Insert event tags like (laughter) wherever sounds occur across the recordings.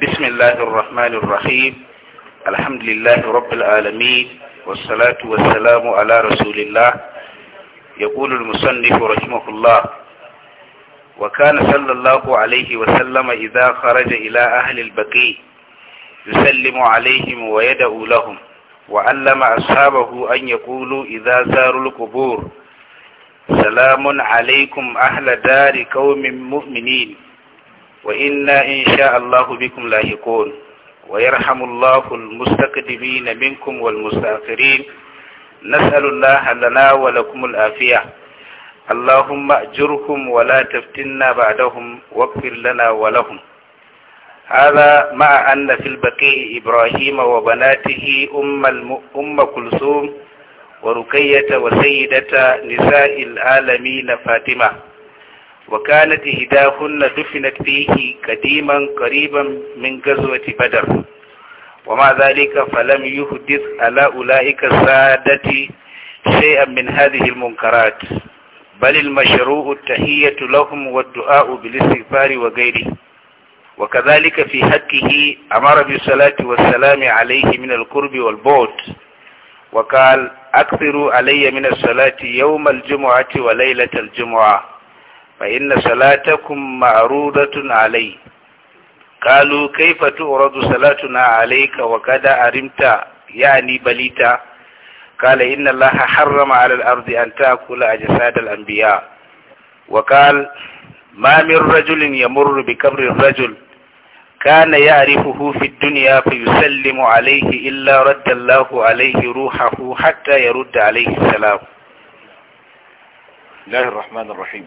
بسم الله الرحمن الرحيم الحمد لله رب العالمين والصلاة والسلام على رسول الله يقول المصنف رحمه الله وكان صلى الله عليه وسلم إذا خرج إلى أهل البقي يسلم عليهم ويدعو لهم وعلم أصحابه أن يقولوا إذا زاروا القبور سلام عليكم أهل دار قوم مؤمنين وإنا إن شاء الله بكم لاحقون ويرحم الله المستقدمين منكم والمستأخرين نسأل الله لنا ولكم الآفية اللهم أجركم ولا تفتنا بعدهم واغفر لنا ولهم هذا مع أن في البقيع إبراهيم وبناته أم, الم... أم كلثوم ورقية وسيدة نساء العالمين فاطمة وكانت إهداهن دفنت فيه قديما قريبا من غزوة بدر ومع ذلك فلم يحدث على أولئك السادة شيئا من هذه المنكرات بل المشروع التحية لهم والدعاء بالاستغفار وغيره وكذلك في حقه أمر بالصلاة والسلام عليه من القرب والبعد وقال أكثروا علي من الصلاة يوم الجمعة وليلة الجمعة فإن صلاتكم معروضة عليه قالوا كيف تعرض صلاتنا عليك وقد أرمت يعني بليتا قال إن الله حرم على الأرض أن تأكل أجساد الأنبياء وقال ما من رجل يمر بقبر الرجل كان يعرفه في الدنيا فيسلم عليه إلا رد الله عليه روحه حتى يرد عليه السلام الله الرحمن الرحيم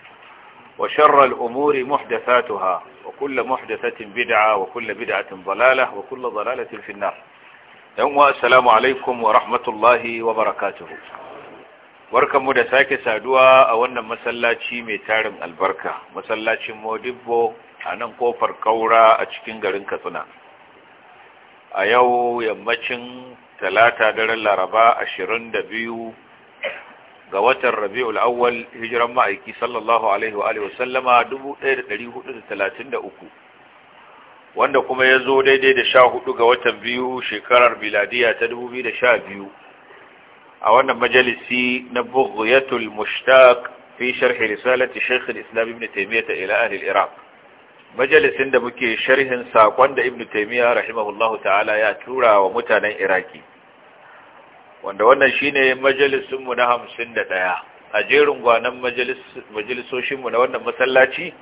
وشر الأمور محدثاتها وكل محدثة بدعة وكل بدعة ضلالة وكل ضلالة في النار يوم السلام عليكم ورحمة الله وبركاته barkanmu da sake saduwa a wannan masallaci mai tarin albarka masallacin modibbo a nan kofar kaura a cikin garin katsina a yau yammacin talata daren laraba 22 ga watan rabi'ul awwal hijiran ma'aiki sallallahu alaihi wa alihi wasallama 1433 wanda kuma ya zo daidai da 14 ga watan biyu shekarar biladiya ta 2012 a wannan majalisi na bughyatul mushtaq fi sharh risalati shaykh al-islam ibn taymiyyah ila ahli al-iraq majalisin da muke sharhin sakon da ibn taymiyyah rahimahullahu ta'ala ya tura wa mutanen iraki wanda wannan shine majalisunmu na hamsin da ɗaya a jerin gwanon majalisoshinmu na wannan masallaci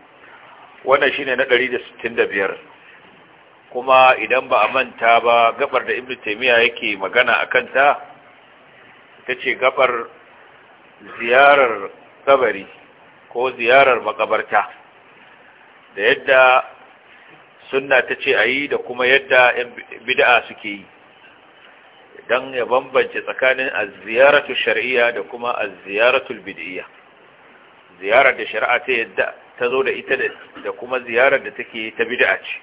wannan shine na ɗari da sittin da biyar kuma idan ba a manta ba gabar da ibn taimiyya yake magana a kanta ta ce gabar ziyarar kabari ko ziyarar makabarta da yadda sunna ta ce a yi da kuma yadda 'yan bid'a suke yi don ya bambance tsakanin ziyaratu shari'a da kuma ziyaratu bid'iyya ziyarar da shari'a ta yadda ta zo da ita da kuma ziyarar da take ta bid'a ce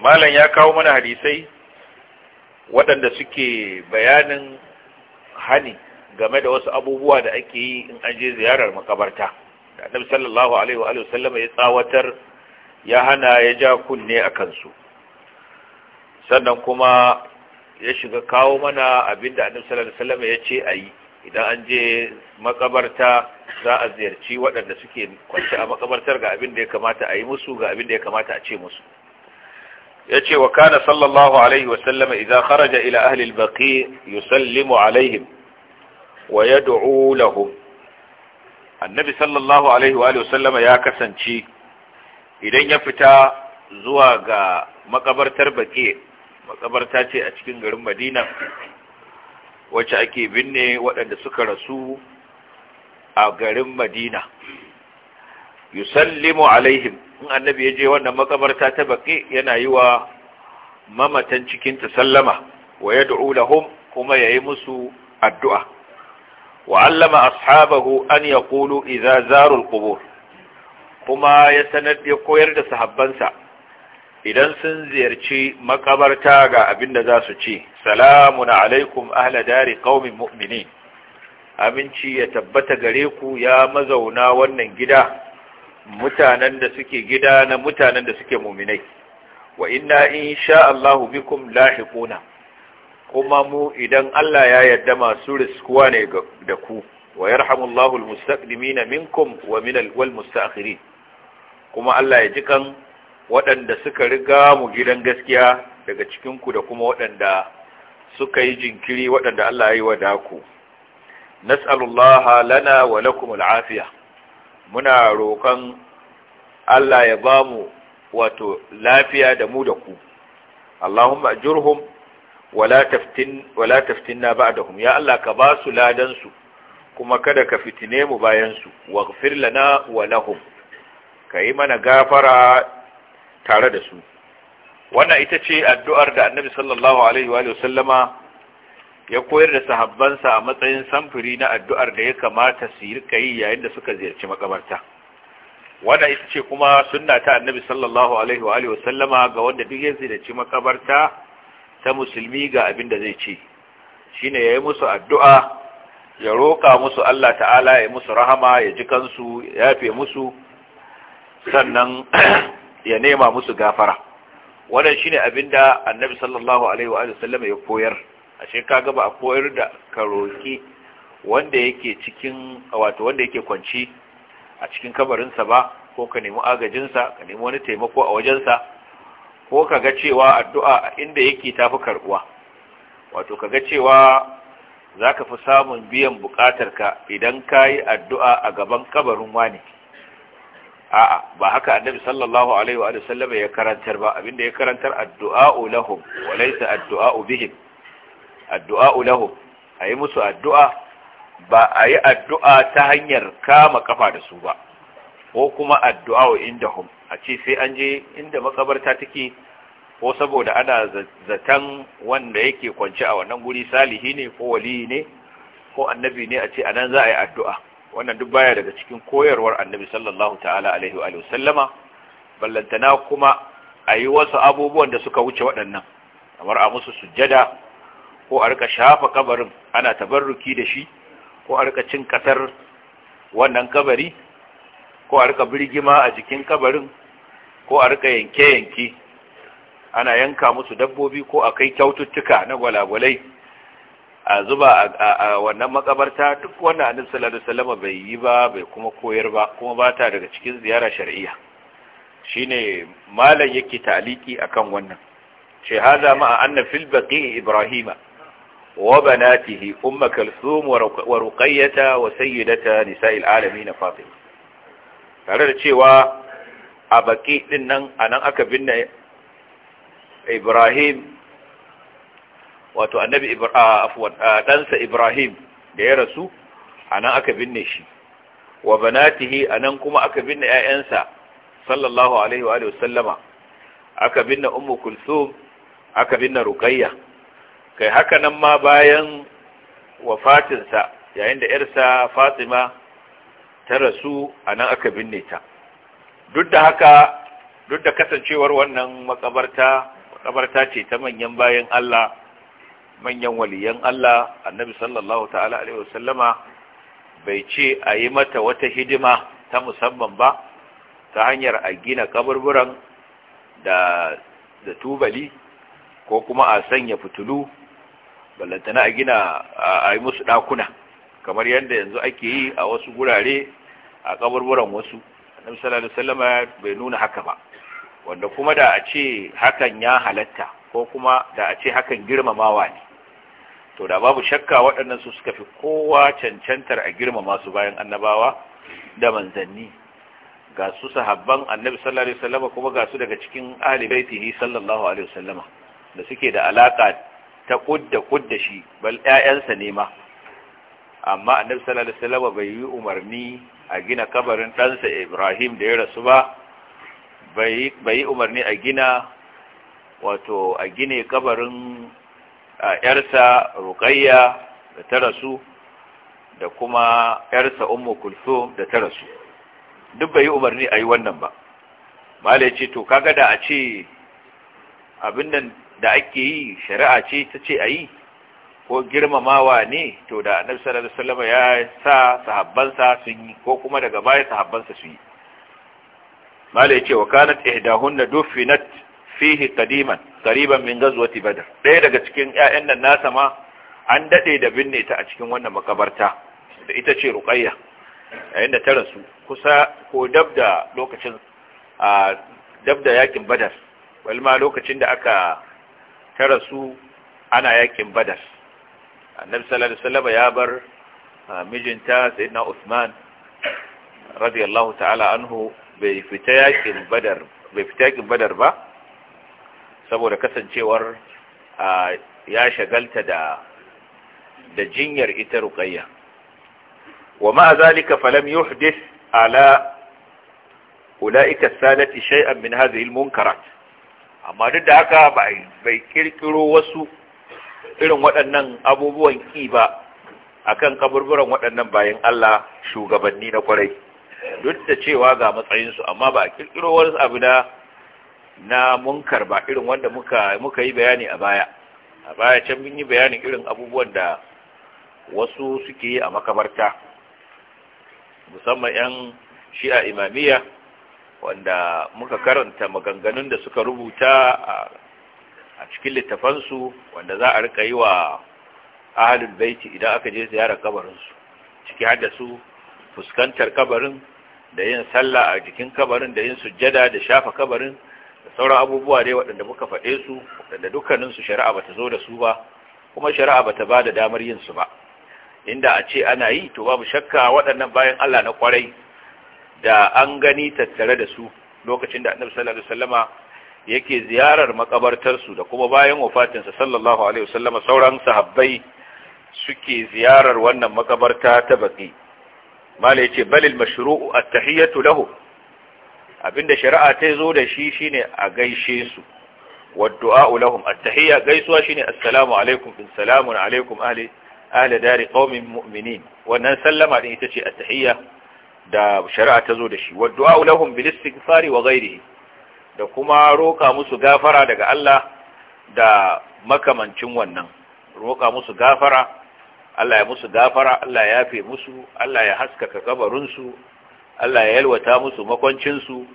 malam ya kawo mana hadisai waɗanda suke bayanin hani game da wasu abubuwa da ake yi in an je ziyarar makabarta da annabi sallallahu alaihi wa sallam ya tsawatar ya hana ya ja kunne a kansu sannan kuma ya shiga kawo mana abinda annabi sallallahu alaihi wasallam ya ce ayi idan an je makabarta za a ziyarci waɗanda suke kwanci a makabartar ga abin da ya kamata a yi musu ga abin da ya kamata a ce musu ya ce wa kana sallallahu alaihi wasallam idan kharaja ila ahli al-baqi yusallimu alaihim wa yad'u lahum annabi sallallahu alaihi wa sallam ya kasance idan ya fita zuwa ga makabartar baqi makabarta ce a cikin garin madina wacce ake binne waɗanda suka rasu a garin madina yusallimu alaihim in annabi ya je wannan makabarta ta baƙi yana yi wa mamatan ta sallama wa ya lahum kuma ya yi musu addu'a wa allama ashabahu an ya ƙulu iza zarul Kubur. kuma ya sanar ya koyar da sahabbansa idan sun ziyarci makabarta ga abin da za su ce salamun alaikum ahla dari qaumin mu'minin aminci ya tabbata gare ku ya mazauna wannan gida mutanen da suke gida na mutanen da suke muminai wa inna insha Allah bikum lahiquna kuma mu idan Allah ya yarda masu riskuwa ne da ku wa yarhamullahu almustaqdimina minkum wa min wal mustaakhirin kuma Allah ya jikan waɗanda suka riga mu gidan gaskiya daga cikinku da kuma waɗanda suka yi jinkiri waɗanda Allah ya yi wa daku nas'alullaha lana wa lakum al'afiya muna roƙon Allah ya ba mu wato lafiya da mu da ku Allahumma ajurhum wala taftin ba da hum! ya Allah ka ba su ladan su kuma kada ka fitine mu bayan su firla na wa lahum yi mana gafara tare da su wannan ita ce addu'ar da annabi sallallahu alaihi wa sallama ya koyar da sahabbansa a matsayin samfuri na addu'ar da ya kamata su yi yi yayin da suka ziyarci makabarta wannan ita ce kuma sunna ta annabi sallallahu alaihi wa sallama ga wanda duk ya ziyarci makabarta ta musulmi ga abin da zai ce shine yayi musu addu'a ya roƙa musu Allah ta'ala ya musu rahama ya ji kansu ya yafe musu sannan ya nema musu gafara wannan shine abinda annabi sallallahu alaihi wa sallam ya koyar ashe ka ba a koyar da karoki wanda yake cikin wato wanda yake kwanci a cikin kabarinsa ba ko ka nemi agajinsa ka nemi wani taimako a wajensa ko ka ga cewa addu'a inda yake tafi karbuwa wato ka ga cewa za ka fi samun biyan bukatarka idan ka yi addu'a a gaban kabarin wani a'a ba haka annabi sallallahu alaihi wa sallam ya karantar ba abinda ya karantar addu'a lahum wa laysa addu'a bihim addu'a lahum ayi musu addu'a ba ayi addu'a ta hanyar kama kafa da su ba, ko kuma addu'a inda hum, a ce sai an je inda makabarta take ko saboda ana zatan wanda yake kwance a wannan guri salihi ne ko wali ne ko annabi ne a ce a nan za a yi addu'a. wannan duk baya daga cikin koyarwar annabi sallallahu ta'ala alaihi wa sallama ballantana kuma a yi wasu abubuwan da suka wuce waɗannan kamar a musu sujjada ko a rika shafa kabarin ana tabarruki da shi ko a rika cin kasar wannan kabari ko a rika birgima a jikin kabarin ko a rika yanke-yanke ana yanka musu dabbobi ko a kai kyaututtuka na gwalagwalai a zuba a wannan makabarta duk wanda annabi sallallahu bai yi ba bai kuma koyar ba kuma ba ta daga cikin ziyara shar'iyya shine malam yake taliki kan wannan ce hada ma anna fil baqi ibrahima wa banatihi umma kalthum wa ruqayyata wa sayyidata nisa'il alamin fatima tare da cewa a baki din nan anan aka binne ibrahim wato annabi afwan ɗansa ibrahim da ya rasu anan aka binne shi wa banatihi anan kuma aka binne 'ya'yansa, sallallahu alaihi wa sallama aka binne ummu Kulthum, aka binne Rukayya. kai haka nan ma bayan wafatinsa yayin da ‘yarsa Fatima ta rasu a nan aka binne ta. Duk da haka, duk da kasancewar wannan makabarta, makabarta ce ta manyan bayan Allah manyan waliyan Allah annabi sallallahu ta'ala alaihi wasallama bai ce a yi mata wata hidima ta musamman ba ta hanyar a gina kaburburan da da tubali ko kuma a sanya fitulu ballantana a gina a yi musu ɗakuna kamar yadda yanzu ake yi a wasu gurare a kaburburan wasu annabi sallallahu alaihi bai nuna haka ba wanda kuma da a ce hakan ya halatta ko kuma da a ce hakan girmamawa ne to da babu shakka waɗannan su suka fi kowa cancantar a girmama su bayan annabawa da manzanni ga su sahabban annabi sallallahu alaihi wasallama kuma ga su daga cikin ahli baitihi sallallahu alaihi wasallama da suke da alaka ta kudda kudda shi bal ƴaƴansa ne ma amma annabi sallallahu alaihi wasallama bai yi umarni a gina kabarin ɗansa Ibrahim da ya rasu ba bai yi umarni a gina wato a gine kabarin yarsa ruqayya da ta rasu da kuma yarsa ummu kulthum da ta rasu duk bai umarni a yi wannan ba malai ce to kaga da a ce abin nan da ake yi shari'a ce ta ce ayi ko girmamawa ne to da annabi sallallahu alaihi wasallam ya sa sahabbansa sun yi ko kuma daga baya sahabbansa sun yi ya ce wa kanat ihdahunna dufinat fihi qadiman qariban min gazwati badr ɗaya daga cikin ƴaƴan nan nasa ma an dade da binne ta a cikin wannan makabarta da ita ce ruqayya yayin da ta rasu kusa ko dabda lokacin a dabda yakin badar wal ma lokacin da aka ta rasu ana yakin badar annabi sallallahu alaihi wasallam ya bar mijinta sayyidina Usman, radiyallahu ta'ala anhu bai fita yakin badar bai fita yakin badar ba saboda kasancewar ya shagalta da da jinyar ita Rukayya. wa ma zalika falam yuhdith ala ulaika salati shay'an min hadhihi almunkarat amma duk da haka bai kirkiro wasu irin waɗannan abubuwan ki ba akan kaburburan waɗannan bayan Allah shugabanni na kwarai duk da cewa ga matsayinsu amma ba a kirkiro wani abu na na munkar ba irin wanda muka muka yi bayani a baya a baya can mun yi bayanin irin abubuwan da wasu suke yi a makabarta musamman yan shi'a imamiyya wanda muka karanta maganganun da suka rubuta a cikin littafansu wanda za a rika yi wa ahalin baiti idan aka je ziyarar kabarinsu ciki har da su fuskantar kabarin da yin sallah a jikin kabarin da yin sujjada da shafa kabarin da sauran abubuwa dai waɗanda muka faɗe su waɗanda dukkaninsu shari'a bata zo da su ba kuma shari'a bata ba da damar yin su ba inda a ce ana yi to babu shakka waɗannan bayan Allah na kwarai da an gani tattare da su lokacin da annabi sallallahu alaihi wasallama yake ziyarar makabartarsu da kuma bayan wafatinsa sallallahu alaihi wasallama sauran sahabbai suke ziyarar wannan makabarta ta baki mala yace balil mashru'u at-tahiyatu lahu abinda shari'a ta zo da shi shine a gaishe su waddu'a lahum at-tahiyya gaisuwa shine assalamu alaikum bin salamun alaikum ahli ahli dari qaumin mu'minin wannan sallama din ita ce at-tahiyya da shari'a ta zo da shi du'a lahum bil istighfari wa ghairihi da kuma roka musu gafara daga Allah da makamancin wannan roka musu gafara Allah ya musu gafara Allah ya yafe musu Allah ya haskaka su Allah ya yalwata musu makwancinsu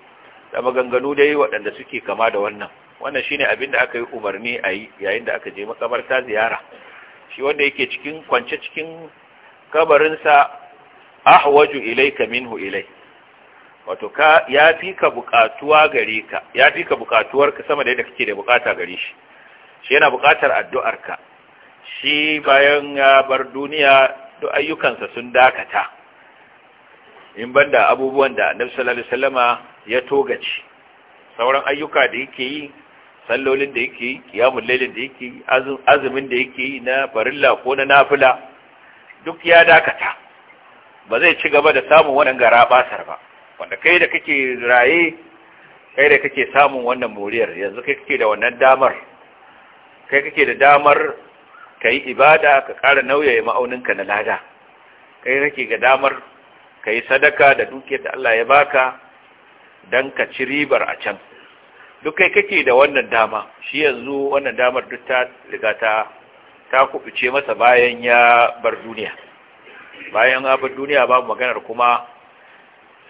da maganganu dai waɗanda suke kama da wannan wannan shine abin da aka yi umarni a yi yayin da aka je makabarta ziyara shi wanda yake cikin kwance cikin kabarinsa ahwaju ilayka minhu ilai wato ka ya fi ka bukatuwa gare ka ya fi ka bukatuwarka sama da yadda kake da bukata gare shi shi yana bukatar addu'arka shi bayan ya bar duniya duk ayyukansa sun dakata in banda abubuwan da annabi sallallahu alaihi wasallama ya togace sauran ayyuka da yake yi sallolin da yake yi qiyamul lailin da yake yi azumin da yake yi na farilla ko na nafila duk ya dakata ba zai ci gaba da samun wannan gara basar ba wanda kai da kake raye kai da kake samun wannan moriyar yanzu kai kake da wannan damar kai kake da damar ka ibada ka ƙara nauyaye ma'auninka na lada kai kake ga damar ka sadaka da dukiya da Allah ya baka don ka ci ribar a can duk kai kake da wannan dama shi yanzu wannan damar duk ta riga ta ta kubuce masa bayan ya bar duniya bayan ya bar duniya babu maganar kuma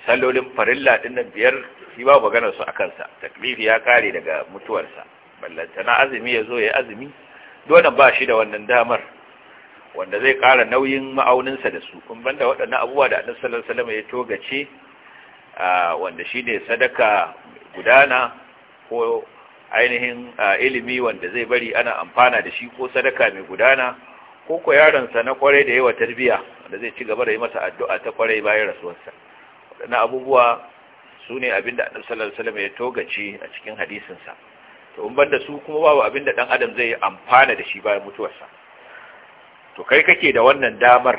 sallolin farilla din nan biyar shi babu maganar su akan sa taklifi ya kare daga mutuwarsa na azumi ya zo ya azumi dole ba shi da wannan damar wanda zai ƙara nauyin ma'auninsa da su kun banda waɗannan abubuwa da annabi sallallahu alaihi wasallam ya togace wanda shine sadaka gudana ko ainihin ilimi wanda zai bari ana amfana da shi ko sadaka mai gudana ko ko sa na kwarai da yawa tarbiya wanda zai ci gaba da yi masa addu'a ta kwarai bayan rasuwarsa waɗannan abubuwa su ne abin da annabi sallallahu alaihi wasallam ya togace a cikin hadisinsa to in banda su kuma babu abin da dan adam zai amfana da shi bayan mutuwarsa to kai kake da wannan damar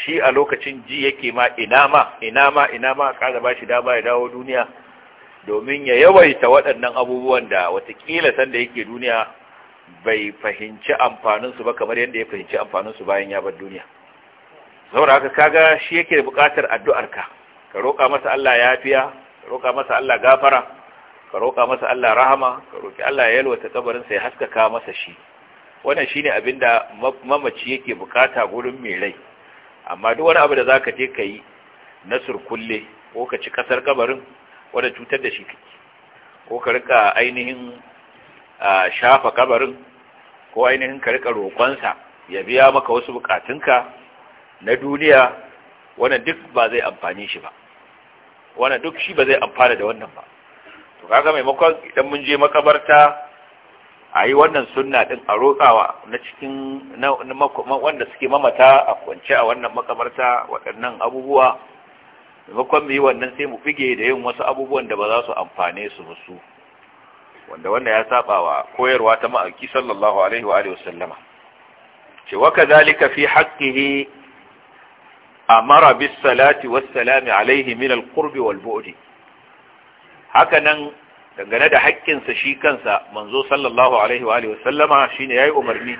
shi a lokacin ji yake ma ina ma ina ma ina ma ba shi dama ya dawo duniya domin ya yawaita waɗannan abubuwan da watakila sanda yake duniya bai fahimci amfaninsu ba kamar yadda ya fahimci amfaninsu bayan ya bar duniya saboda haka kaga shi yake da buƙatar addu'arka ka roƙa masa Allah yafiya ka roƙa masa Allah gafara ka roƙa masa Allah rahama ka roƙi Allah ya yalwata kabarinsa ya haskaka masa shi wannan shi ne abin da mamaci yake bukata gurin mai rai amma duk wani abu da za ka je ka yi na surkulle ko ka ci kasar kabarin wanda cutar da shi kake ko ka rika ainihin shafa kabarin ko ainihin ka rika roƙonsa ya biya maka wasu bukatunka na duniya wannan duk ba zai amfani shi ba wannan duk shi ba zai amfana da wannan ba to kaga maimakon idan mun je makabarta a yi wannan sunna din a rotsawa na cikin wanda suke mamata a kwance a wannan makamarta waɗannan abubuwa maimakon mu yi wannan sai mu fige da yin wasu abubuwan da ba za su amfane su musu wanda wanda ya saba wa koyarwa ta ma'aiki sallallahu alaihi wa alihi wasallama ce wa kadhalika fi haqqihi amara bis salati was salami alaihi min al qurbi wal Haka nan. dangane da haƙƙinsa shi kansa manzo sallallahu alaihi wa alihi wasallama shine yayi umarni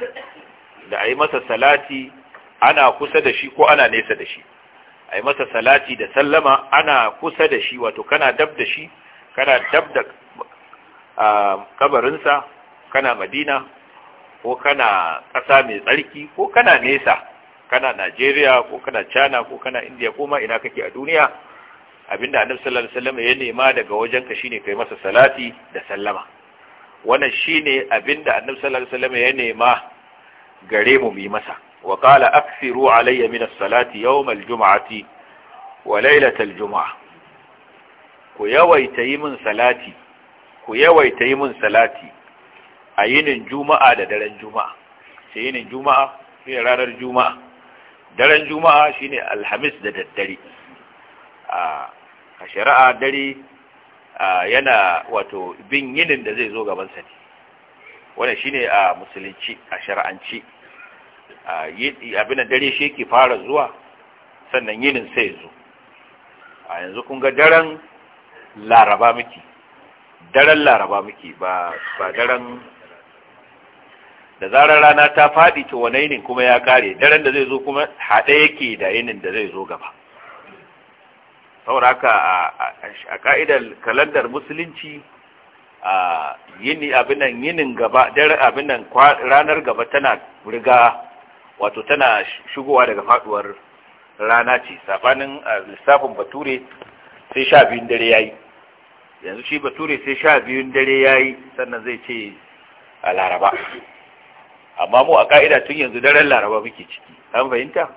da ayi masa salati ana kusa da shi ko ana nesa da shi ayi masa salati da sallama ana kusa da shi wato kana dab da shi kana dab da kabarinsa kana madina ko kana ƙasa mai tsarki ko kana nesa kana najeriya ko kana china ko kana india ko ma ina kake a duniya abinda annabi sallallahu alaihi wasallam ya nema daga wajenka shine kai masa salati da sallama wannan shine abinda annabi sallallahu alaihi wasallam ya nema gare mu mi masa wa qala akthiru alayya min as-salati yawm al-jum'ati wa laylat al-jum'ah ku yawaita yi min salati ku yawaita yi min salati a yinin juma'a da daren juma'a sai yinin juma'a sai ranar juma'a daren juma'a shine alhamis da daddare a ah, a shari'a dare yana wato bin yinin da zai zo gabansa ne wannan shine a musulunci a shari'anci abin da dare shi yake fara zuwa sannan yinin sai zo a yanzu kun ga daren laraba miki daren laraba miki ba ba daren da zarar rana ta faɗi to wane yinin kuma ya kare daren da zai zo kuma haɗe yake da yinin da zai zo gaba saboda haka a ka'idar kalandar musulunci a yini abinan yinin gaba dare abinan ranar gaba tana riga wato tana shigowa daga faduwar rana ce sabanin lissafin bature sai sha biyun dare ya yi. yanzu shi bature sai sha biyun dare ya yi sannan zai ce a laraba amma mu a ka'ida tun yanzu daren laraba muke ciki an fahimta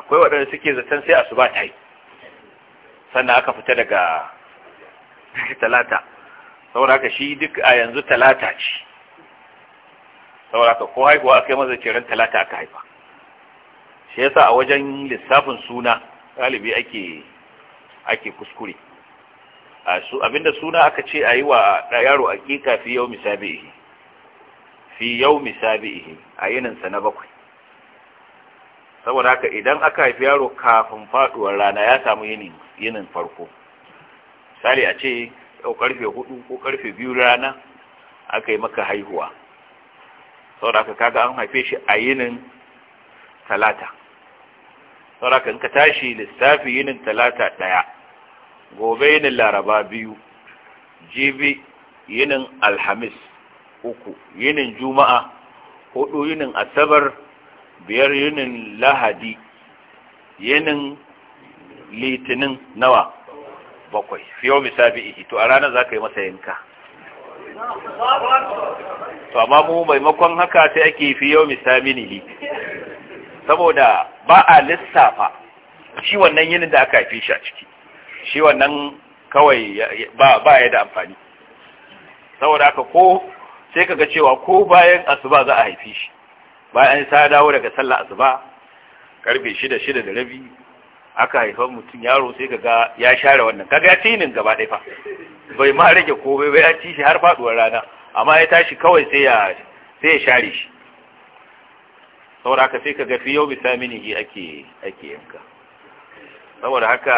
akwai waɗanda suke zaton sai asuba ta yi sannan aka fita daga talata saboda haka shi duk a yanzu talata ce saboda haka ko haihuwa aka yi maza talata aka haifa shi yasa a wajen lissafin suna galibi ake ake kuskure a su abinda suna aka ce a yi wa yaro aƙiƙa fi yau misabi fi yau a yininsa na bakwai saboda haka idan aka haifi yaro kafin faduwar rana ya samu yinin yinin farko misali a ce yau karfe hudu ko karfe biyu rana aka yi maka haihuwa saboda haka kaga an haife shi a yinin talata saboda haka in ka tashi lissafi yinin talata daya gobe yinin laraba biyu jibi yinin alhamis uku yinin juma'a hudu yinin asabar biyar yunin lahadi yinin litinin nawa bakwai fiye fiyo misabi'ihi to a ranar za ka yi masa yanka to amma mu maimakon haka sai ake fiyo ne saboda ba a lissafa shi wannan yinin da aka haifi shi a ciki shi wannan kawai ba ya da amfani saboda haka ko sai ka ga cewa ko bayan asuba za a haife shi bayan ta dawo daga sallah, asuba karfe shida shida da rabi aka haifa mutum yaro sai kaga ya share wannan kaga ya tinin gaba ɗaya fa bai ma rage komai bai ya ci shi har faduwar rana amma ya tashi kawai sai ya sai ya share shi saboda haka sai kaga fi yau bisaminihi ake ake yanka saboda haka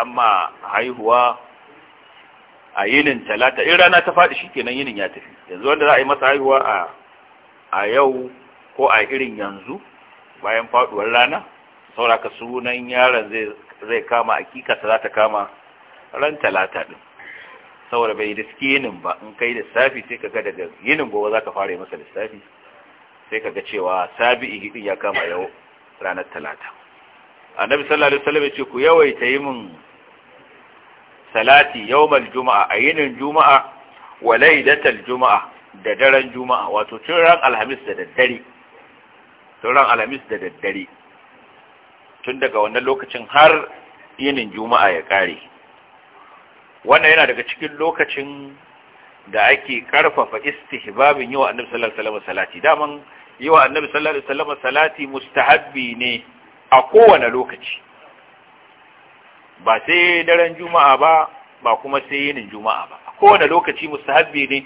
amma haihuwa a yinin talata in rana ta faɗi shi shikenan yinin ya tafi yanzu wanda za a yi masa haihuwa a a yau ko a irin yanzu bayan faduwar rana sauraka sunan yaron zai kama ta za ta kama ran talata din saboda bai riske yinin ba in kai lissafi sai kaga daga yinin gobe za ka fara yi masa lissafi sai kaga cewa sabi'i hidin ya kama yau ranar talata annabi sallallahu alaihi wasallam ce ku yawaita yi min salati yawmal juma'a a yinin juma'a wa laidatal juma'a da daren juma'a wato tun ran alhamis da daddare tun ran alhamis da daddare tun daga wannan lokacin har yinin juma'a ya kare wannan yana daga cikin lokacin da ake karfafa istihbabin yi wa annabi sallallahu alaihi wasallam salati daman yi wa annabi sallallahu alaihi wasallam salati mustahabbi ne a kowane lokaci ba sai daren juma'a ba ba kuma sai yinin juma'a ba a kowane lokaci mustahabbi ne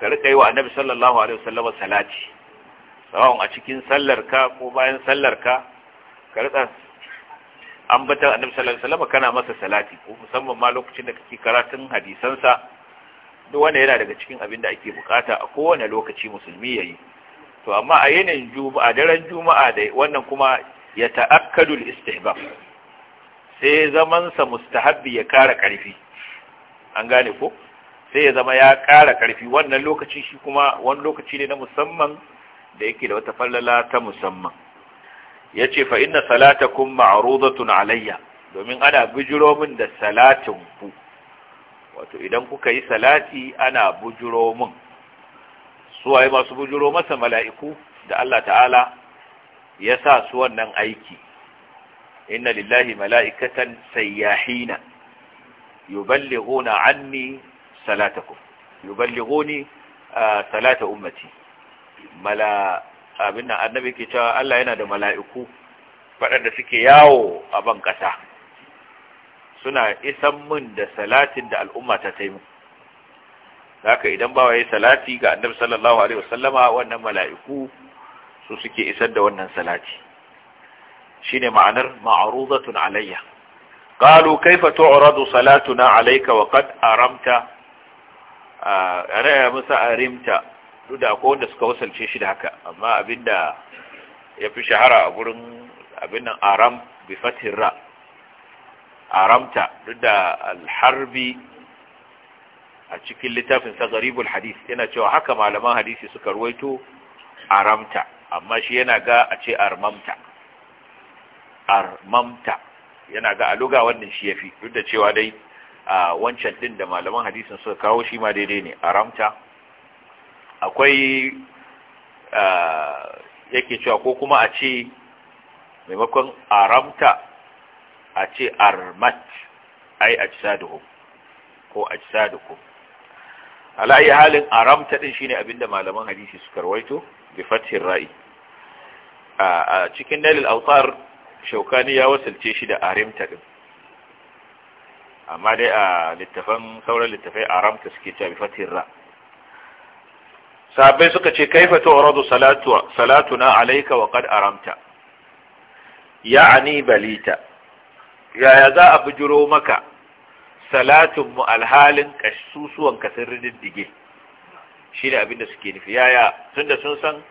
ka rika yi wa annabi sallallahu alaihi wasallam salati sawon a cikin sallar ka ko bayan sallar ka ka rika ambatan annabi sallallahu alaihi wasallam kana masa salati ko musamman ma lokacin da kake karatun hadisansa duk wanda yana daga cikin abin da ake bukata a kowane lokaci musulmi yayi to amma a yanayin juma'a daren juma'a da wannan kuma ya ta'akkadu al-istihbab sai zaman sa mustahabbi ya kara karfi an gane ko sai ya zama ya ƙara ƙarfi wannan lokaci shi kuma wani lokaci ne na musamman da yake da wata fallala ta musamman ya ce fa inna kun ma'rudatun alayya domin ana bujiro min da salatin ku wato idan kuka yi salati ana bujiro min suwaye masu bujiro masa mala'iku da Allah ta'ala ya sa su wannan aiki inna lillahi mala'ikatan sayyahina yuballighuna anni salatakum yuballighuni salata ummati mala abin annabi ke cewa Allah yana da mala'iku da suke yawo a ban ƙasa suna isan min da salatin da al'umma ta taimu haka idan bawa ya salati ga annabi sallallahu alaihi wasallama wannan mala'iku su suke isar da wannan salati shine ma'anar ma'rudatun alayya qalu kayfa tu'radu salatuna alayka wa qad aramta a raya musa a rimta duk da akwai wanda suka wasalce shi da haka amma abinda ya fi shahara a gurin abin nan aram bi fatira aramta duk da alharbi a cikin littafin sa garibul hadis yana cewa haka malaman hadisi suka ruwaito aramta amma shi yana ga a ce armamta armamta yana ga aluga wannan shi yafi duk da cewa dai a wancan din da malaman hadisin suka kawo shi ma daidai ne aramta akwai yake cewa ko kuma a ce maimakon aramta a ce armat ai ajsaduhum ko a ajsadukum ala ala'ayi halin aramta din shine abinda malaman hadisi suka rawaito da fatihin ra'i a cikin dalil autar shaukani ya wasalce shi da arimta din amma dai a littafan sauran littafai a ramta suke cewa bi ra sahabbai suka ce kaifa tu'radu salatu salatuna alayka wa qad aramta ya'ani balita yaya za a bujiro maka salatun mu alhalin kasusuwan ka sun riddige shi ne abinda suke nufi yaya tunda sun san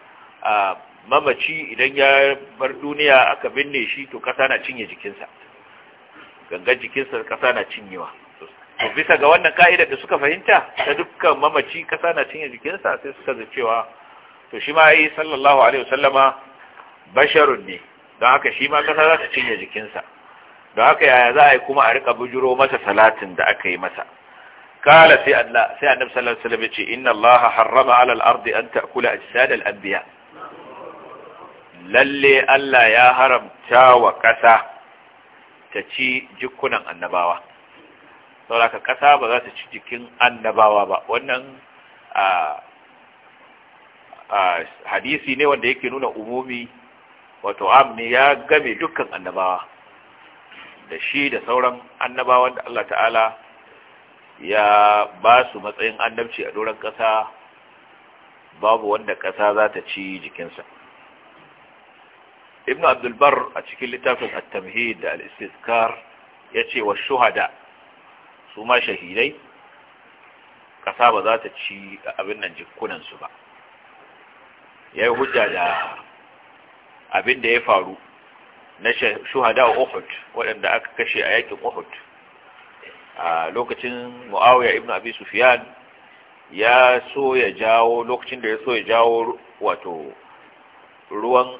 mamaci idan ya bar duniya aka binne shi to kasa na cinye jikinsa gangan jikinsa kasa na cinyewa bisa ga wannan ka'idar da suka fahimta ta dukkan mamaci kasa na cinye jikinsa sai suka zai cewa to shi ma yi sallallahu alaihi wasallama basharun ne don haka shi ma kasa za ta cinye jikinsa don haka yaya za a yi kuma a rika bujuro masa salatin da aka yi masa kala sai Allah sai annabi sallallahu alaihi wasallam ya ce inna Allah harrama ala al-ard an ta'kula ajsad al-anbiya lalle Allah ya haramta wa kasa ta ci jikunan annabawa sauraka ƙasa ba za ta ci jikin annabawa ba wannan hadisi ne wanda yake nuna umumi wato am ya game dukkan annabawa da shi da sauran annabawan da Allah ta'ala ya ba su matsayin annabci a doron ƙasa babu wanda ƙasa za ta ci jikinsa ibn abdulbar a cikin littafin at-tamhid da al ya ce wa shuhada su ma shahidai ƙasa ba za ta ci abin nan jikunansu ba. ba yi hujja da abin da ya faru na shuhada a Uhud waɗanda aka kashe a yakin Uhud a lokacin Muawiya ibn Abi Sufyan ya so ya jawo lokacin da ya so ya jawo wato ruwan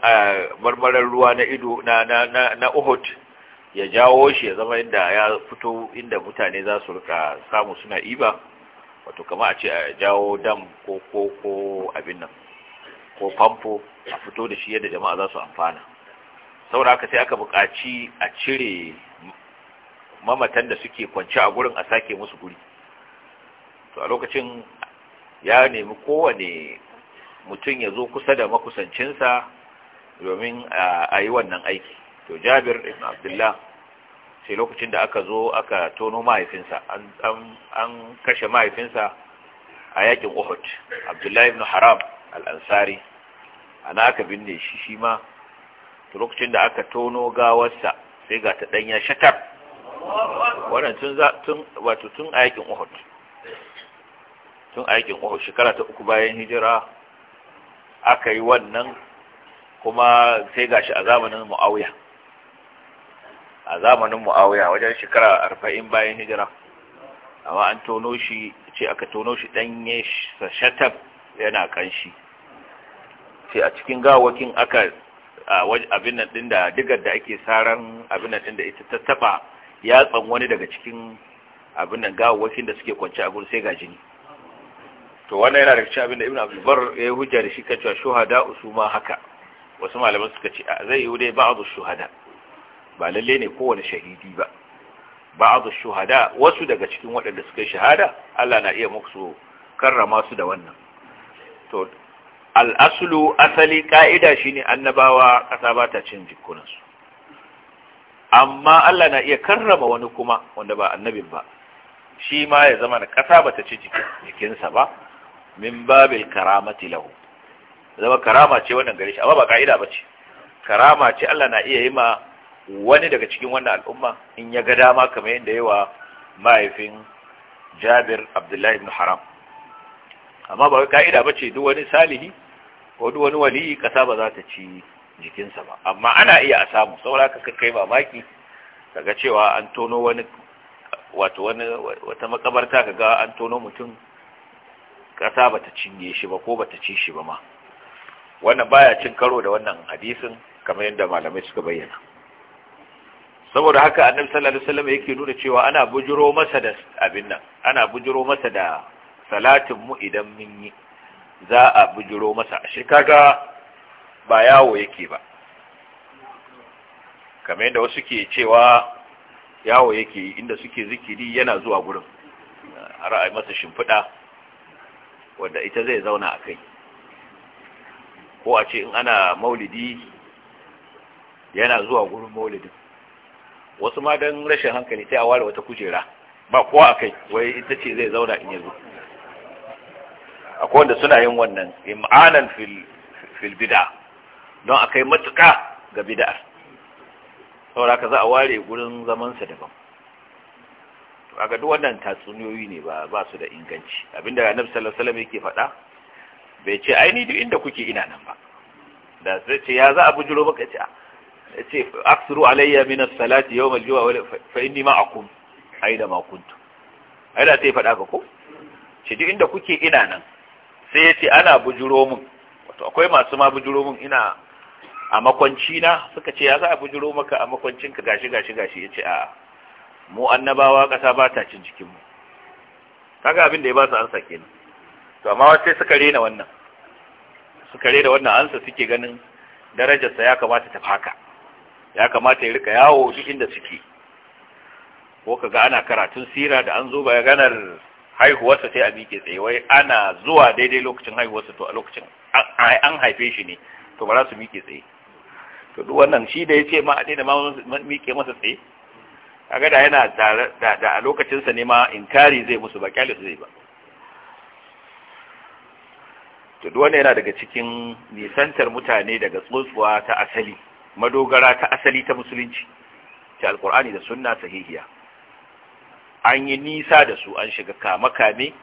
marmarar ruwa na ido na na na Uhud ya jawo shi ya zama inda ya fito inda mutane za su rika samu suna iba wato kama a ce a jawo dam ko ko ko abin nan ko famfo a fito da shi yadda jama'a za su amfana saboda haka sai aka buƙaci a cire mamatan da suke kwance a gurin a sake musu guri to a lokacin ya nemi kowane mutum ya zo kusa da makusancinsa domin a yi wannan aiki to jabir ibn abdullah sai lokacin da aka zo aka tono mahaifinsa an kashe mahaifinsa a yakin uhud abdullah ibn haram al'ansari ana aka binne shi shi ma to lokacin da aka tono gawarsa sai ga ta ɗanya shatar wannan tun a yakin uhud tun a yakin uhud shekara ta uku bayan hijira aka yi wannan kuma sai gashi a zamanin mu'awiya a zamanin mu'awiya wajen shekara arba'in bayan hijira amma an tono shi ce aka tono shi ɗanye shatab yana ƙanshi. sai a cikin gawakin aka abin nan ɗin da digar da ake saran abin nan ɗin da ita ya yatsan wani daga cikin abin nan gawakin da suke kwanci a gurin, sai ga jini to wannan yana da cikin abin da ibn abdulbar ya yi hujja da shi kan cewa shuhada su ma haka wasu malaman suka ce zai yi dai ba'adu shuhada ba lalle ne kowane shahidi ba ba'adu shuhada wasu daga cikin waɗanda suka yi shahada Allah na iya muku karrama su da wannan to al'asulu asali ka'ida shine annabawa ƙasa ba ta cin su amma Allah na iya karrama wani kuma wanda ba annabin ba shi ma ya zama na ƙasa ba ta ci jikinsa ba min babil karamati lahu zama karama ce wannan gare shi amma ba ka'ida ba ce karama ce Allah na iya yi ma wani daga cikin wannan al'umma in ya ga dama kamar yadda yawa mahaifin Jabir Abdullahi ibn Haram amma ba ka'ida ba ce duk wani salihi ko duk wani wali kasa ba za ta ci jikinsa ba amma ana iya a samu saboda ka kai mamaki kaga cewa an tono wani wato wani wata makabarta ga an tono mutum ƙasa bata cinye shi ba ko bata ta ci shi ba ma wannan baya cin karo da wannan hadisin kamar yadda malamai suka bayyana saboda haka annabi sallallahu alaihi wasallam yake nuna cewa ana bujiro masa da abin nan ana bujiro masa da salatin mu idan mun yi za a bujiro masa shi kaga ba yawo yake ba kamar yadda wasu ke cewa yawo yake inda suke zikiri yana zuwa gurin a masa shimfiɗa wanda ita zai zauna a kai ko a ce in ana maulidi yana zuwa gurin maulidin wasu ma don rashin hankali sai a ware wata kujera ba kowa a kai wai ita ce zai zauna in yanzu akwai wanda suna yin wannan im'anan fil bid'a don a kai matuka ga bid'a saboda ka za a ware gurin zamansa daban to aga duk wannan tatsuniyoyi ne ba ba su da inganci abinda annabi sallallahu alaihi wasallam yake faɗa bai ce ai ni duk inda kuke ina nan ba da sai ce ya za a bujuro maka ce ce aksuru alayya min as-salati yawm al-jum'a wa fa inni ma'akum aida ma kuntu ai da sai faɗa ka ko ce duk inda kuke ina nan sai ya ce ana bujuro mun wato akwai masu ma bujuro mun ina a makwanci na suka ce ya za a bujuro maka a makwancinka ka gashi gashi gashi ya ce a'a. mu annabawa ƙasa ba ta cin jikinmu kaga abin da ya ba su ansa kenan to amma wasu suka rena wannan suka rena wannan ansa suke ganin darajarsa ya kamata ta faka ya kamata ya rika yawo duk inda suke ko kaga ana karatun sira da an zo ba ganar haihuwarsa sai a miƙe tsaye wai ana zuwa daidai lokacin haihuwarsa to a lokacin an haife shi ne to ba za su miƙe tsaye to duk wannan shi da ya ce ma a daina ma mike masa tsaye kaga da yana tare da a lokacinsa ne ma inkari zai musu ba kyalis zai ba to duk yana daga cikin nisantar mutane daga tsotsuwa ta asali madogara ta asali ta musulunci ta alkur'ani da sunna sahihiya an yi nisa da su an shiga kame-kame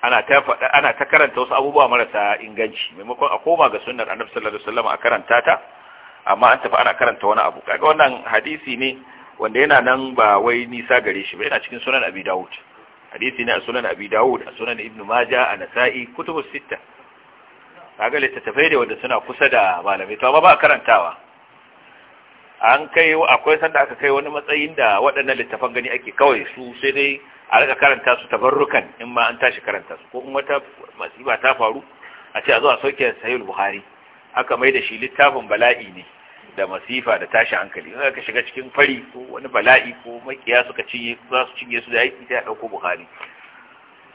ana ta ana ta karanta wasu abubuwa marasa inganci maimakon a koma ga sunnar annabi sallallahu alaihi wasallam a karanta ta amma an tafi ana karanta wani abu kaga wannan hadisi ne wanda yana nan ba wai nisa gare shi ba yana cikin sunan abi dawud hadisi ne a sunan abi dawud a sunan ibnu majah a nasa'i kutubu sitta kaga littattafai da wanda suna kusa da malamai to amma ba karantawa an kai akwai sanda aka kai wani matsayin da waɗannan littafan gani ake kawai su sai dai a rika karanta su tabarrukan in ma an tashi karanta su ko in wata masiba ta faru a ce a zo a sauke sahih buhari aka mai da shi littafin bala'i ne da masifa da tashi hankali in ka shiga cikin fari ko wani bala'i ko makiya suka cinye za su cinye su da aiki sai a ɗauko bukhari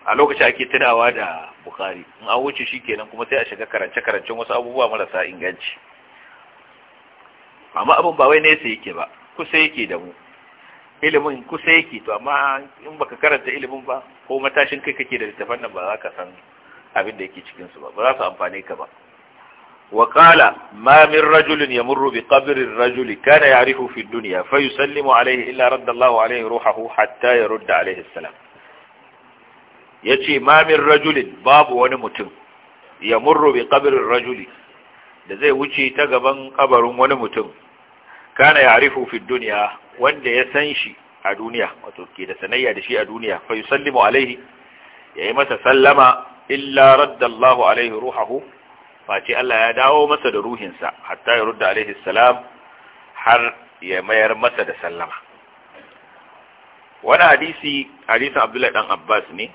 a lokacin ake tunawa da bukhari in an wuce shi kenan kuma sai a shiga karance-karancen wasu abubuwa marasa inganci amma abin ba wai nesa yake ba kusa yake da mu ilimin kusa yake to amma in baka karanta ilimin ba ko matashin kai kake da littafan nan ba za ka san abin da yake cikinsu ba ba za su amfane ka ba وقال ما من رجل يمر بقبر الرجل كان يعرفه في الدنيا فيسلم عليه إلا رد الله عليه روحه حتى يرد عليه السلام يتي ما من رجل باب ونمتم يمر بقبر الرجل لذي وشي تقبا قبر ونمتم كان يعرفه في الدنيا وان يسنشي الدنيا وتركي لسنية لشيء الدنيا فيسلم عليه يعني ما تسلم إلا رد الله عليه روحه face Allah ya dawo masa da ruhinsa hatta ya rudda alaihi salam har ya mayar masa da sallama wani hadisi hadisin abdullahi dan abbas ne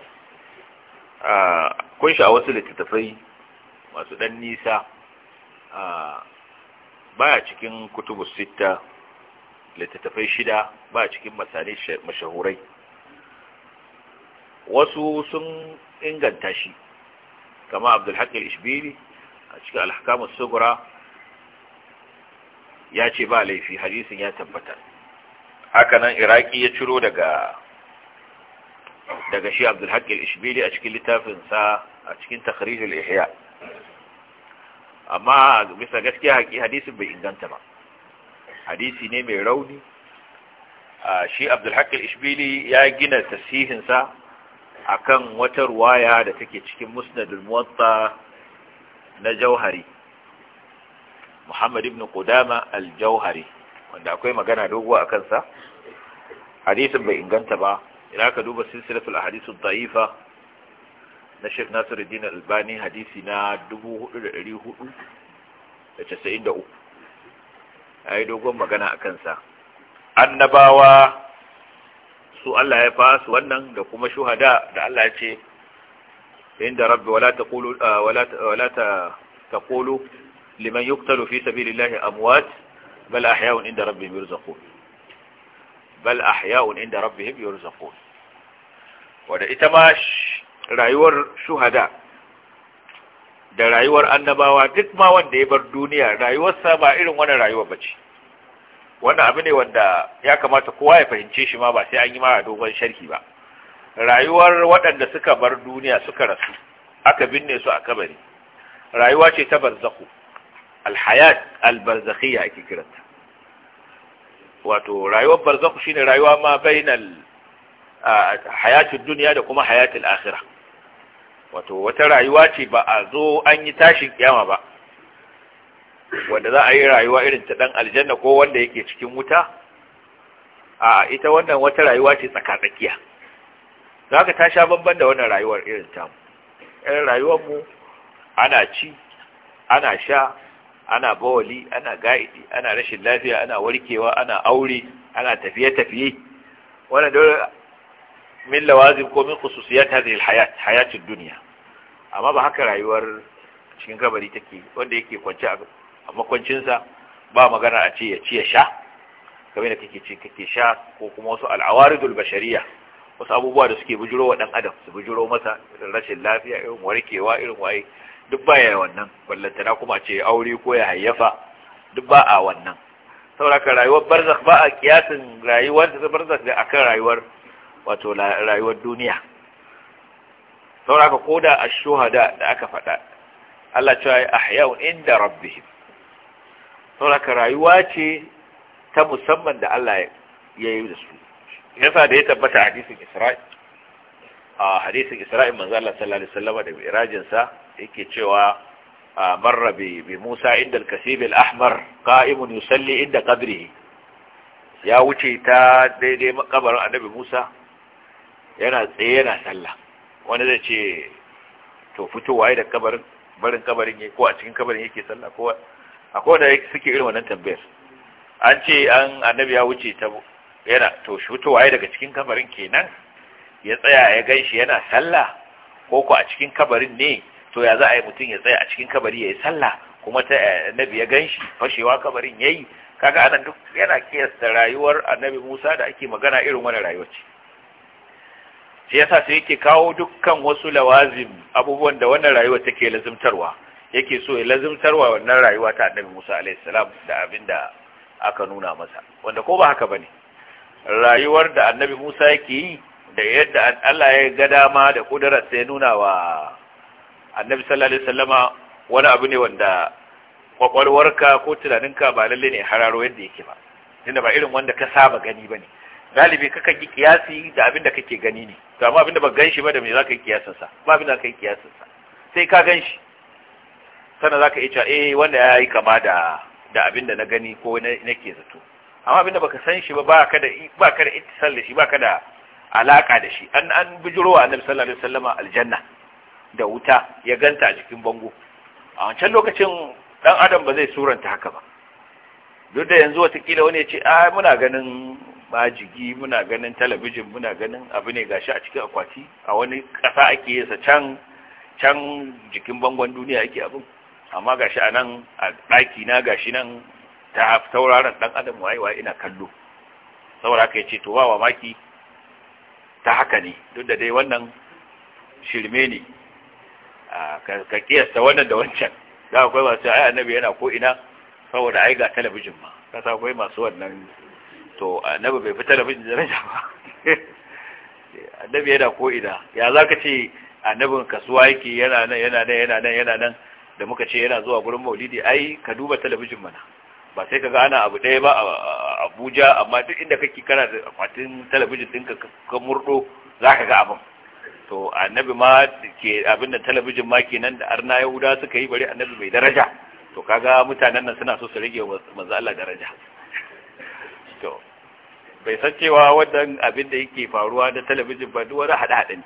kun sha wasu littattafai masu dan nisa baya cikin kutubus sitta littattafai shida ba cikin masane mashahurai wasu sun inganta shi kama Abdul ishbili a cikin alhakamus sugura ya ce ba laifi hadisin ya tabbata hakanan iraki ya ciro daga daga shi abdulhaq al-ishbili a cikin littafinsa a cikin takarijin ihya amma bisa gaskiya haƙi hadisin bai inganta ba hadisi ne mai rauni shi abdulhaq ishbili ya gina tasihinsa akan wata ruwaya da take cikin musnadul muwatta na jauhari muhammad ibn qudama al-jauhari wanda akwai magana doguwa a kansa hadisin bai inganta ba ina aka duba silsilatul ahadithu da'ifa na Sheikh Nasiruddin Albani hadisi na 4493 ai dogon magana a kansa. annabawa su Allah ya fasu wannan da kuma shuhada da Allah ya ce عند رب ولا تقول ولا ولا تقول لمن يقتل في سبيل الله bal بل inda عند yurzaqun يرزقون بل inda عند يرزقون ita ma rayuwar shuhada da rayuwar annabawa duk ma wanda ya bar duniya rayuwarsa ba irin wani rayuwa bace wannan abu ne wanda ya kamata kowa ya fahimce shi ma ba sai an yi mara dogon sharhi ba rayuwar waɗanda suka bar duniya suka rasu aka binne su a kabari rayuwa ce ta barzaku alhayat albarzakhiyya ake kiranta wato rayuwar barzaku shine rayuwa ma bainal hayatul duniya da kuma hayatul akhirah wato wata rayuwa ce ba a zo an yi tashin kiyama ba wanda za a yi rayuwa irin ta dan aljanna ko wanda yake cikin wuta a ita wannan wata rayuwa ce tsakatsakiya zaka ta sha bamban da wannan rayuwar irin tamu irin rayuwar mu ana ci ana sha ana bawali ana ga'idi ana rashin lafiya ana warkewa ana aure ana tafiye-tafiye wannan dole min lawazim ko min khususiyat hadhihi alhayat hayatid dunya amma ba haka rayuwar cikin kabari take wanda yake kwance a makwancin sa ba magana a ce ya ci ya sha kamar da kake ce kake sha ko kuma wasu al'awaridul bashariya wasu abubuwa da suke bujiro wa ɗan adam su bujiro masa rashin lafiya irin warkewa irin waye duk ba ya wannan ballantana kuma ce aure ko ya hayyafa duk ba a wannan sauraka rayuwar barzak ba a kiyasin rayuwar da barzak da akan rayuwar wato rayuwar duniya sauraka ko da shuhada da aka faɗa Allah cewa ahyau inda rabbihim sauraka rayuwa ce ta musamman da Allah ya yi da su yasa da ya tabbata hadisin Isra'i a hadisin Isra'i manzo Allah sallallahu alaihi wasallam da mirajin sa yake cewa marra bi bi Musa inda al-kasib al-ahmar qa'imun yusalli inda qabrihi ya wuce ta daidai makabarin annabi Musa yana tsaye yana sallah wani zai ce to fitowa da kabarin barin kabarin yake ko a cikin kabarin yake sallah ko akwai da suke irin wannan tambayar an ce an annabi ya wuce ta yana to waye daga cikin kabarin kenan ya tsaya ya gan yana sallah ko ku a cikin kabarin ne to ya za a yi mutum ya tsaya a cikin kabari ya yi sallah kuma ta eh, annabi ya gan shi fashewa kabarin ya yi kaga anan duk yana kiyasta rayuwar annabi musa da ake magana irin wani rayuwar ce shi yasa sai yake kawo dukkan wasu lawazim abubuwan da wannan rayuwa take lazimtarwa yake so ya lazimtarwa wannan rayuwa ta annabi Musa alaihi salam da abinda aka nuna masa wanda ko ba haka bane rayuwar da annabi Musa yake yi da yadda Allah ya ga dama da kudurar sai nuna wa annabi sallallahu alaihi wasallama wani abu ne wanda kwakwalwarka ko tunaninka ba lalle ne hararo yadda yake ba tunda ba irin wanda ka saba gani bane galibi kakan yi kiyasi da abin da kake gani ne to amma abin da ba ganshi ba da me zaka yi kiyasin sa ba abin da kake yi kiyasin sa sai ka ganshi sannan zaka iya cewa eh wanda yayi kama da da abin da na gani ko nake zato amma abinda baka san shi ba baka da baka da ittisal da shi baka da alaka da shi an an bijiro wa annabi sallallahu alaihi wasallama aljanna da wuta ya ganta a cikin bango a wancan lokacin dan adam ba zai suranta haka ba duk da yanzu watakila wani ya ce a muna ganin majigi muna ganin talabijin muna ganin abu ne gashi a cikin akwati a wani kasa ake yasa can can jikin bangon duniya ake abin amma gashi a nan a daki na gashi nan ta tauraron dan adam wayewa ina kallo saboda haka yace to ba maki ta haka ne duk da dai wannan shirme ne ka kiyasta wannan da wancan ku akwai masu ai annabi yana ko ina saboda ai ga talabijin ma kasa akwai masu wannan to annabi bai fi talabijin da rage ba (laughs) annabi yana ko ina ya za ka ce annabin kasuwa yake yana nan yana nan yana nan yana nan da muka ce yana zuwa gurin maulidi ai ka duba talabijin mana ba sai ka gana abu ɗaya ba a abuja amma duk inda kake kana da akwatin talabijin ɗinka ka murɗo za ka ga abin to annabi ma ke abin da talabijin ma ke nan da arna yahuda suka yi bari annabi mai daraja to kaga mutanen nan suna so su rage manzo Allah daraja to bai san cewa wannan abin da yake faruwa da talabijin ba duk hada-hada ne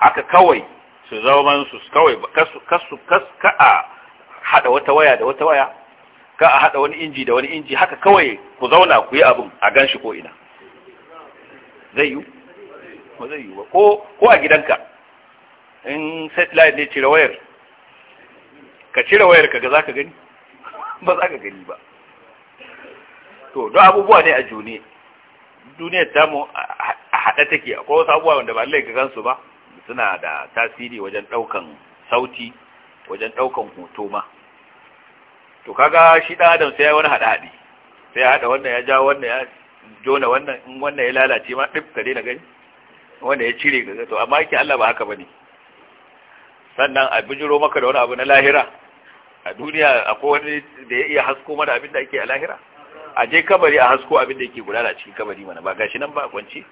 haka kawai su zama su kawai kasu kasu kaska a hada wata waya da wata waya ka a haɗa wani inji da wani inji haka kawai ku zauna ku yi abin a gan shi ko ina zai yi ba zai yi ba ko a gidanka in satellite ne cire wayar ka cire wayar ka ga za ka gani (laughs) ba za ka gani ba to don abubuwa ne a june duniyar tamu a haɗa take akwai wasu abubuwa wanda ba lai ka gansu ba suna da tasiri wajen ɗaukan sauti wajen ɗaukan hoto ma to kaga shi dan adam sai ya wani hada hadi sai ya hada wannan ya ja wannan ya jona wannan in wannan ya lalace ma duk ka daina gani wanda ya cire ga to amma yake Allah ba haka bane sannan a bijiro maka da wani abu na lahira a duniya akwai wani da ya iya hasko mana abin da ake a lahira a je kabari a hasko abin da yake gudana cikin kabari mana ba gashi nan ba kwanci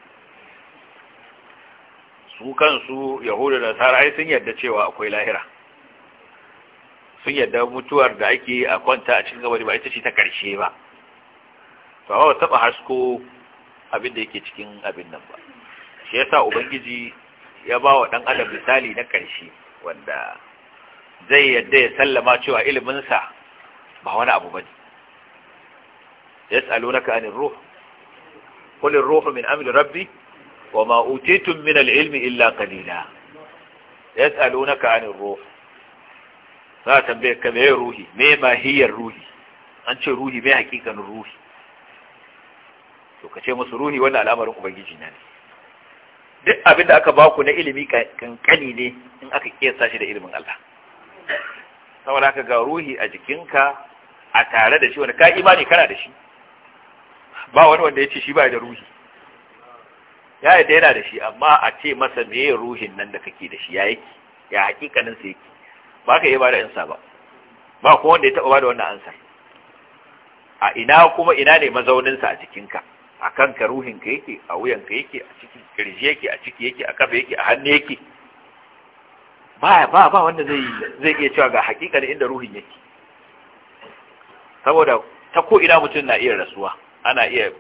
su kansu yahudu da nasara ai sun yarda cewa akwai lahira sun yadda mutuwar da ake a kwanta a cikin gabari ba ita ce ta ƙarshe ba to ba taɓa hasko abin da yake cikin abin nan ba shi yasa ubangiji ya ba wa ɗan adam misali na ƙarshe wanda zai yadda ya sallama cewa iliminsa ba wani abu ba ne yas'alunaka anir ruh qul ar-ruhu min amri rabbi wa ma utitum min al-ilmi illa qalila yas'alunaka anir ruh za a tambaye ka meye ruhi me mahiyar ruhi an ce ruhi me hakikanin ruhi to ka ce musu ruhi wannan al'amarin ubangiji na ne duk abin da aka baku na ilimi kankani ne in aka kesa shi da ilimin Allah saboda aka ga ruhi a jikinka a tare da shi wani ka imani kana da shi ba wani wanda ya ce shi ba da ruhi ya yadda yana da shi amma a ce masa meye ruhin nan da kake da shi ya yake ya hakikanin sa yake ba ka iya da ansa ba ba kuma wanda ya taba bada wannan ansar a ina kuma ina ne mazauninsa a jikinka? a kanka ruhin ka yake a wuyanka yake a cikin kirji yake a ciki yake a kafa yake a hannu yake ba ba ba wanda zai zai iya cewa ga hakikar inda ruhin yake saboda ta ko ina mutum na iya rasuwa ana iya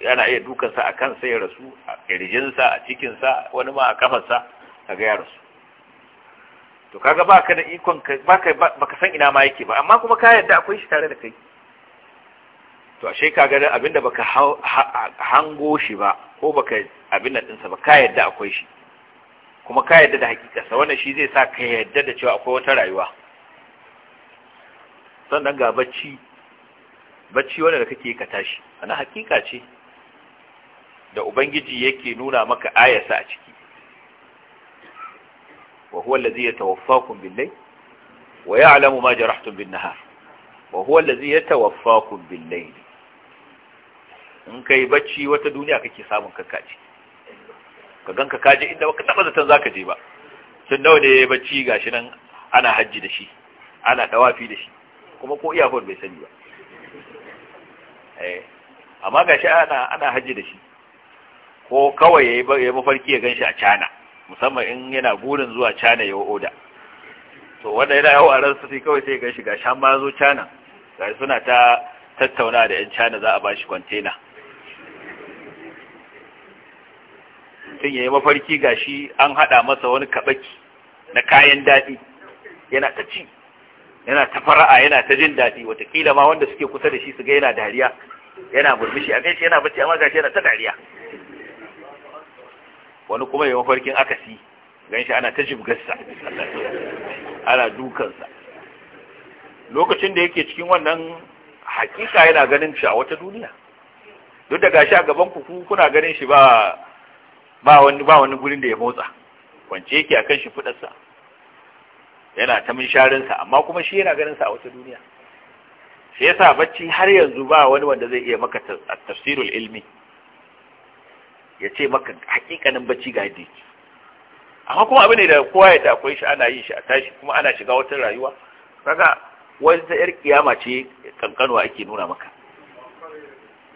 yana iya dukansa a kansa ya rasu a kirjinsa a cikinsa wani ma a kafarsa ka ga ya rasu to kaga baka da ikon ka baka baka san ina ma yake ba amma kuma ka yadda akwai shi tare da kai to ashe kaga da abinda baka hango shi ba ko baka abin nan ba ka yadda akwai shi kuma ka yadda da sa wannan shi zai sa ka yadda da cewa akwai wata rayuwa sannan ga bacci bacci wanda kake ka tashi ana hakika ce da ubangiji yake nuna maka ayasa a ciki وهو الذي يتوفاكم بالليل ويعلم ما جرحتم بالنهار ma الذي يتوفاكم بالليل wa huwa allazi in kai bacci wata duniya kake samun kakkaci ka ganka kaje inda baka taba zaton zaka je ba Tun nawa da yayi bacci gashi nan ana hajji da shi ana tawafi da shi kuma ko iyakar bai sani ba eh amma gashi ana ana hajji da shi ko kawai yayi mafarki ya ganshi a cana musamman in yana gurin zuwa cana ya oda to wanda yana yawo a su sai kawai sai ga shiga shan ma zo cana ga suna ta tattauna da yan cana za a ba shi kwantena tun yayi mafarki ga shi an haɗa masa wani kaɓaki na kayan daɗi yana ta ci yana ta fara'a yana ta jin daɗi watakila ma wanda suke kusa da shi su ga yana dariya yana murmushi a gaishe yana bacci amma gashi yana ta dariya wani kuma yi mafarkin akasi gan shi ana ta jibgarsa ana dukansa lokacin da yake cikin wannan hakika yana ganin shi a wata duniya duk da gashi a gaban ku kuna ganin shi ba ba wani ba wani gurin da ya motsa kwance yake akan shi fudarsa yana ta sharinsa. amma kuma shi yana ganin sa a wata duniya shi yasa bacci har yanzu ba wani wanda zai iya maka tafsirul ilmi ya ce maka hakikanin bacci ga yadda yake amma kuma abin da kowa ya akwai shi ana yin shi a tashi kuma ana shiga wata rayuwa kaga ta yar kiyama ce kankanwa ake nuna maka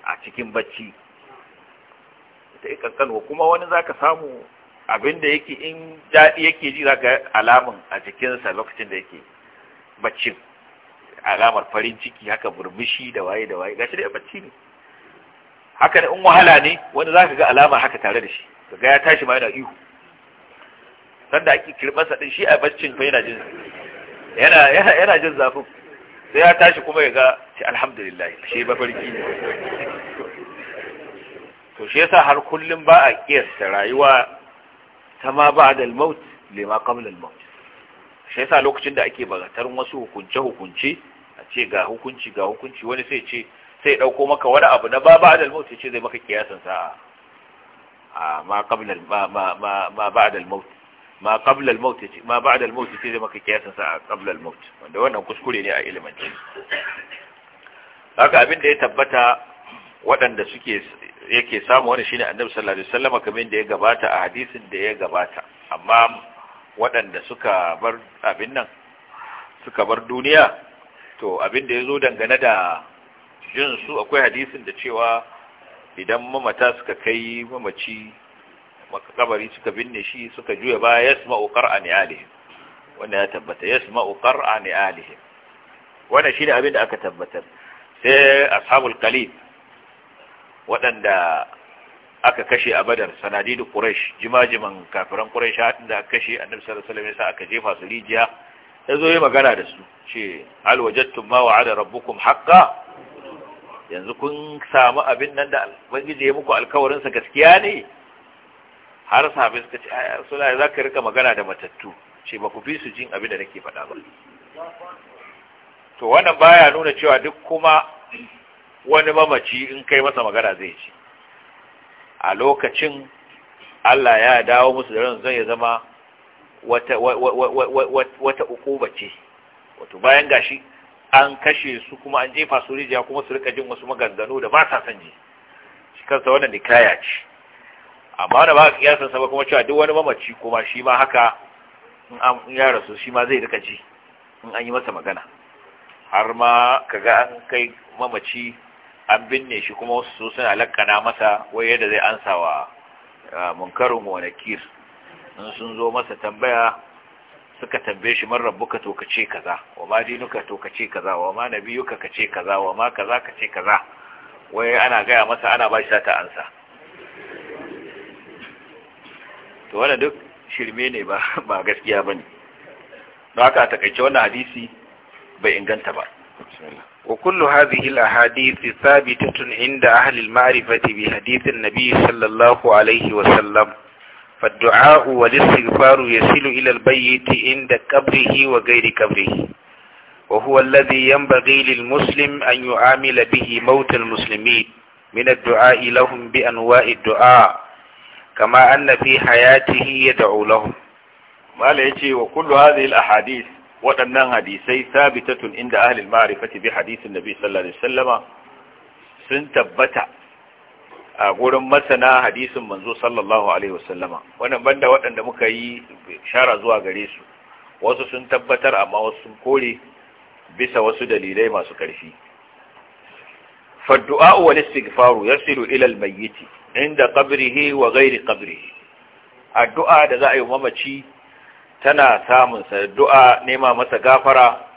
a cikin bacci ta yi kankanwa kuma wani zaka samu abinda yake in jaɗi yake ji zaka alamun a jikinsa lokacin da yake bacci alamar farin ciki haka burmushi da waye da waye gashi da bacci ne haka ne in wahala ne wanda ka ga alama haka tare da shi ga ya tashi ma yana ihu sanda ake kirmasa din shi a baccin fa yana jin yana yana jin zafi sai ya tashi kuma ya ga ce alhamdulillah shi farki ne to shi yasa har kullum ba a kiyasta rayuwa ta ma ba da almaut lima qabla al-maut shi yasa lokacin da ake bagatar wasu hukunce hukunce a ce ga hukunci ga hukunci wani sai ce sai ɗauko maka wani abu na ba ba'da al-maut ce zai maka kiyasan sa a ma qabla ma ma al ma qabla al ce ma ba'da al-maut ce zai maka kiyasan sa a qabla al wanda wannan kuskure ne a ilimin haka abin da ya tabbata waɗanda suke yake samu wani shine annabi sallallahu alaihi wasallam kamar da ya gabata a hadisin da ya gabata amma waɗanda suka bar abin nan suka bar duniya to abin da yazo dangane da jin su akwai hadisin da cewa idan mamata suka kai mamaci kabari suka binne shi suka juya ba ya sama ukar a ni'alihim wanda ya tabbata ya sama ukar a ni'alihim wanda shi ne abin da aka tabbatar sai ashabul kalib waɗanda aka kashe a badar sanadi da ƙuraish jimajiman kafiran ƙuraish hadin da aka kashe a sallallahu alaihi sa aka jefa su rijiya zo yi magana da su ce alwajattun ma wa'ada rabbukum haqqan yanzu kun samu abin nan da ubangiji ya muku alkawarinsa gaskiya ne har sahabi suka ce ai za zaka rika magana da matattu ce ba ku fi su jin abin da nake faɗa ba to wannan baya nuna cewa duk kuma wani mamaci in kai masa magana zai ji a lokacin Allah ya dawo musu da ran zai zama wata wata ukuba ce wato bayan gashi an kashe su kuma an jefa su rijiya kuma su rika jin wasu maganganu da ba sa son ji shi kansa wannan nikaya ce amma wanda ba kiyasan sa ba kuma cewa duk wani mamaci kuma shi ma haka in ya rasu shi ma zai rika ji in an yi masa magana har ma kaga an kai mamaci an binne shi kuma wasu su suna lakana masa wai yadda zai ansa wa eh, munkarin wani kir in sun zo masa tambaya suka tambaye shi man rabbuka to kace kaza wa ma dinuka to kace kaza wa ma nabiyuka kace kaza wa ma kaza kace kaza wai ana gaya masa ana ba shi sata ansa to wannan duk shirme ne ba ba gaskiya bane don haka a takaice wannan hadisi bai inganta ba وكل هذه الأحاديث ثابتة عند أهل المعرفة بحديث النبي صلى الله عليه وسلم فالدعاء والاستغفار يصل إلى البيت عند قبره وغير قبره وهو الذي ينبغي للمسلم أن يعامل به موت المسلمين من الدعاء لهم بأنواع الدعاء كما أن في حياته يدعو لهم ما ليتي وكل هذه الأحاديث وأن hadisai ثابتة عند أهل المعرفة بحديث النبي صلى الله عليه وسلم sun a gurin masana hadisin manzo sallallahu alaihi wasallama wannan banda waɗanda muka yi shara zuwa gare su wasu sun tabbatar amma wasu sun kore bisa wasu dalilai masu ƙarfi فالدعاء والاستغفار يصل إلى الميت عند قبره وغير قبره Addu'a da za a yi mamaci tana samun sa du'a nema masa gafara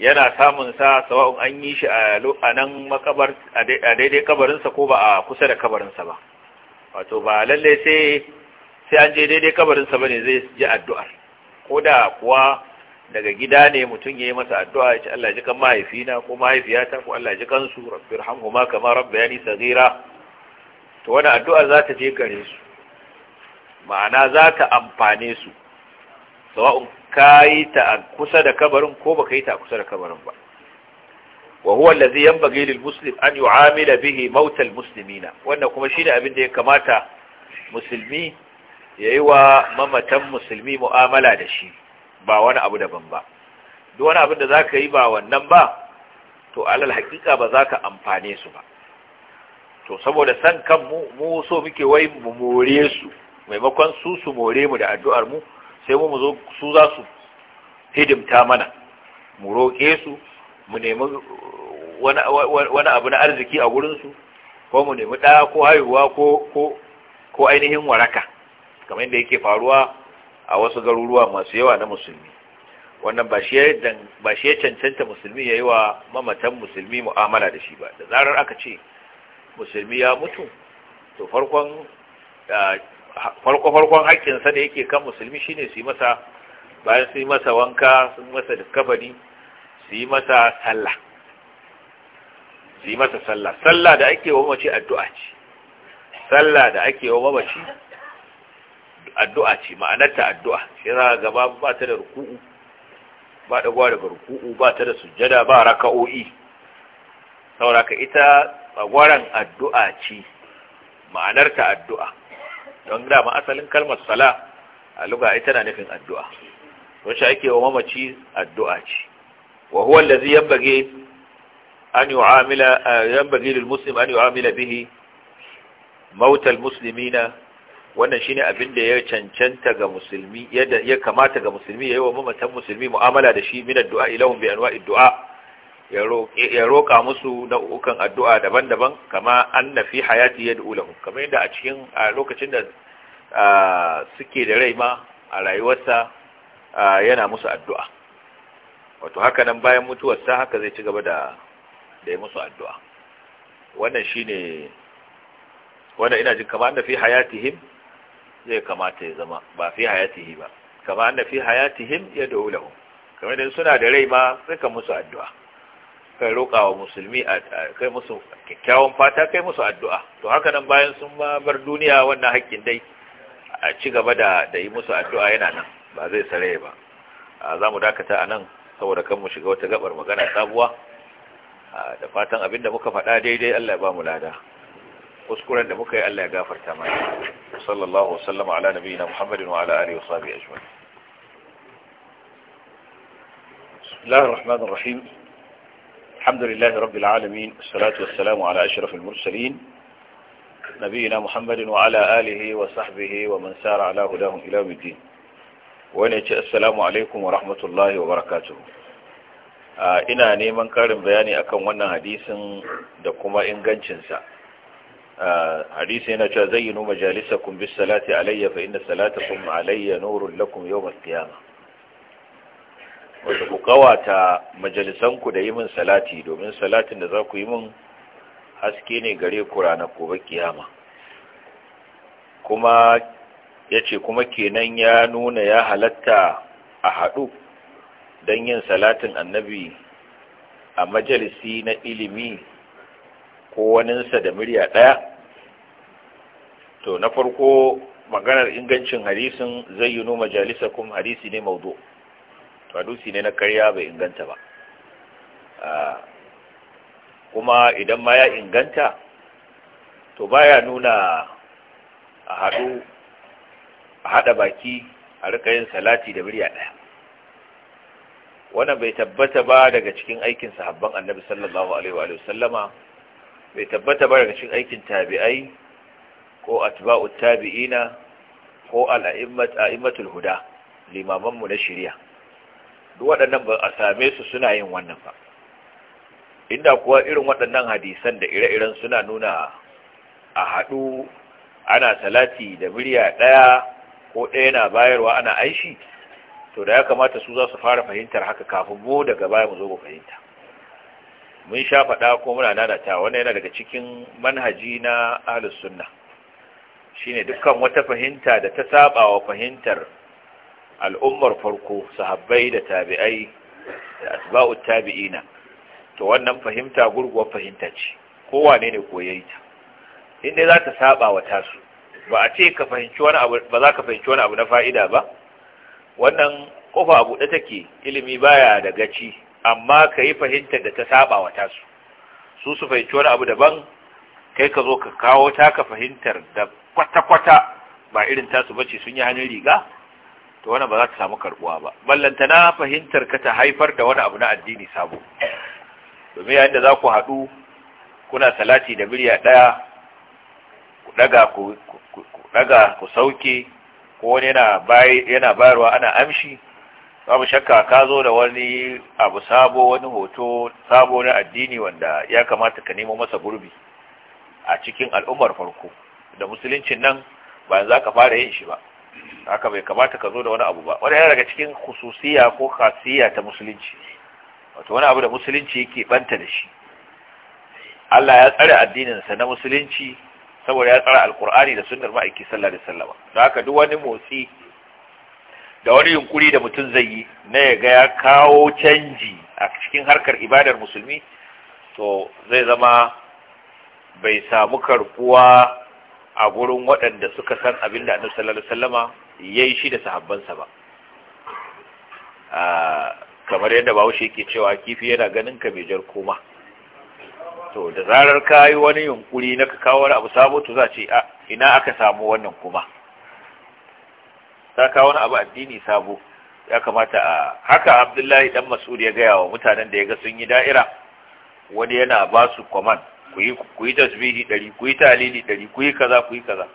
yana samun sa sawa'un an yi shi a nan makabar a daidai kabarinsa ko ba a kusa da kabarinsa ba wato ba lalle sai sai an je daidai kabarinsa ba ne zai ji addu'a ko da kuwa daga gida ne mutum ya yi masa addu'a ya ce Allah ji kan mahaifina ko mahaifiyata ko Allah ji kansu rabbir hamhuma kamar rabba sagira to wani addu'ar za ta je gare su ma'ana za ta amfane su sawa'un kayi ta a kusa da kabarin ko baka yi ta a kusa da kabarin ba wa huwa allazi yanbaghi lil muslim an yu'amila bihi maut al muslimina wannan kuma shine abin da ya kamata musulmi yayi wa mamatan musulmi mu'amala da shi ba wani abu daban ba duk wani abin da zaka yi ba wannan ba to alal hakika ba zaka amfane su ba to saboda san kanmu mu so muke wai mu more su maimakon su su more mu da addu'ar mu sai mu zo su za su hidimta mana mu roƙe su mu nemi uh, wani abu na arziki a gurinsu ko mu nemi ɗaya ko haihuwa ko ainihin waraka kamar yadda yake faruwa a wasu garuruwa masu yawa na musulmi wannan ba shi ya cancanta musulmi ya yi wa mamatan musulmi mu'amala da shi ba da zarar aka ce musulmi ya mutu to farkon uh, farko farkon haƙƙinsa da yake kan musulmi shine su yi masa bayan su yi masa wanka su yi masa dukkabari su yi masa sallah su yi masa sallah sallah da ake wa mace addu'a ce sallah da ake wa mace addu'a ce ma'anarta addu'a shi za gaba ba ta da ruku'u ba dagowa daga ruku'u ba ta da sujjada ba raka'o'i saboda ka ita tsagwaran addu'a ce ma'anarta addu'a don dama asalin kalmar sala a luga ita na nufin addu'a wacce ake wa mamaci addu'a ce wa huwa allazi yanbaghi an yu'amila yanbaghi lil muslim an yu'amila bihi mautal muslimina wannan ne abin da ya cancanta ga musulmi ya kamata ga musulmi yi wa mamatan musulmi mu'amala da shi min addu'a ilahum bi anwa'id du'a ya roƙa musu nau'ukan addu'a daban-daban kama an na fi hayati ya da kamar yadda a cikin a lokacin da suke da rai ma a rayuwarsa yana musu addu'a wato haka nan bayan mutuwarsa haka zai ci gaba da da ya musu addu'a wannan shi ne, wannan ina jin kama an na fi hayati him zai kamata ya zama ba fi him ba kama an na fi hayati ya da ulahu kamar yadda suna da rai ma suka musu addu'a kai roƙa wa musulmi kai musu kyakkyawan fata kai musu addu'a to haka nan bayan sun ma bar duniya wannan haƙƙin dai a ci gaba da da yi musu addu'a yana nan ba zai sare ba za mu dakata a nan saboda kan mu shiga wata gabar magana sabuwa da fatan abin da muka faɗa daidai Allah ya ba mu lada kuskuren da muka yi Allah ya gafarta mana sallallahu wasallama ala nabiyina muhammadin wa ala alihi wa ajma'in بسم الله الرحمن الحمد لله رب العالمين والصلاة والسلام على أشرف المرسلين نبينا محمد وعلى آله وصحبه ومن سار على هداهم إلى الدين ونجي السلام عليكم ورحمة الله وبركاته neman karin bayani akan wannan hadisin da kuma ingancinsa hadisi yana cewa zayyinu majalisakum bis salati alayya fa inna salatakum alayya nurun wata ku kawata majalisanku da yi min salati domin salatin da za ku yi min haske ne gare ku ranar gobe kiyama kuma ya ce kuma kenan ya nuna ya halatta a haɗu don yin salatin annabi a majalisi na ilimi ko waninsa da murya ɗaya to na farko maganar ingancin hadisin zai yi noma majalisa kuma hadisi ne maudu' sadusi ne na karya bai inganta ba kuma idan ma ya inganta to baya nuna a haɗu a haɗa baki a rika yin salati da murya ɗaya wannan bai tabbata ba daga cikin aikin sahabban annabi sallallahu alaihi wa sallama bai tabbata ba daga cikin aikin tabi'ai ko atba'ut tabi'ina ko a'immatul huda limamanmu na shirya duk waɗannan ba a same su suna yin wannan ba inda kuwa irin waɗannan hadisan da ire-iren suna nuna a haɗu ana salati da murya ɗaya ko ɗaya na bayarwa ana aishi to da ya kamata su za su fara fahimtar haka kafin mu daga baya mu zo mu fahimta mun sha faɗa ko muna nanata wannan yana daga cikin manhaji na ahlus sunna shine dukkan wata fahimta da ta saba wa fahimtar al'ummar farko sahabbai da tabi'ai da asba'ut tabi'ina to wannan fahimta gurguwar fahimta ce kowane ne koyayi ta inda za ta saba wa tasu ba a ce ka fahimci wani abu ba za ka fahimci wani abu na fa'ida ba wannan kofa abu buɗe take ilimi baya da gaci amma ka yi fahimtar da ta saba wa tasu su su fahimci wani abu daban kai ka zo ka kawo taka fahimtar da kwata-kwata ba irin tasu bace sun yi hannun riga to wannan ba za ta samu karbuwa ba ballanta na fahimtar ka ta haifar da wani abu na addini sabo domin yayin da za ku haɗu kuna salati da birya ɗaya ku ɗaga ku ɗaga ku sauke ko wani yana bayarwa ana amshi babu shakka ka zo da wani abu sabo wani hoto sabo na addini wanda ya kamata ka nemo masa gurbi a cikin al'ummar farko da musuluncin nan ba za ka fara yin shi ba haka bai kamata ka zo da wani abu ba wani yana daga cikin khususiya ko khasiya ta musulunci wato wani abu da musulunci yake banta da shi Allah ya tsare addininsa na musulunci saboda ya tsare alkur'ani da sunnar ma'aiki sallallahu alaihi Sallama. don haka duk wani motsi da wani yunkuri da mutum zai yi na ya ga ya kawo canji a cikin harkar ibadar musulmi to zai zama bai samu karkuwa a gurin waɗanda suka san abin da annabi sallallahu alaihi wasallama yayi shi da sahabbansa ba kamar yadda bahaushe yake cewa kifi yana ganin ka mai jar koma to da zarar ka yi wani yunkuri na ka kawo abu sabo to za ce ina aka samu wannan kuma ta kawo wani abu addini sabo ya kamata a haka abdullahi dan mas'ud ya gaya wa mutanen da ya ga sun yi da'ira wani yana ba su command ku yi tasbihi ɗari, ku yi talili ɗari ku yi kaza ku yi kaza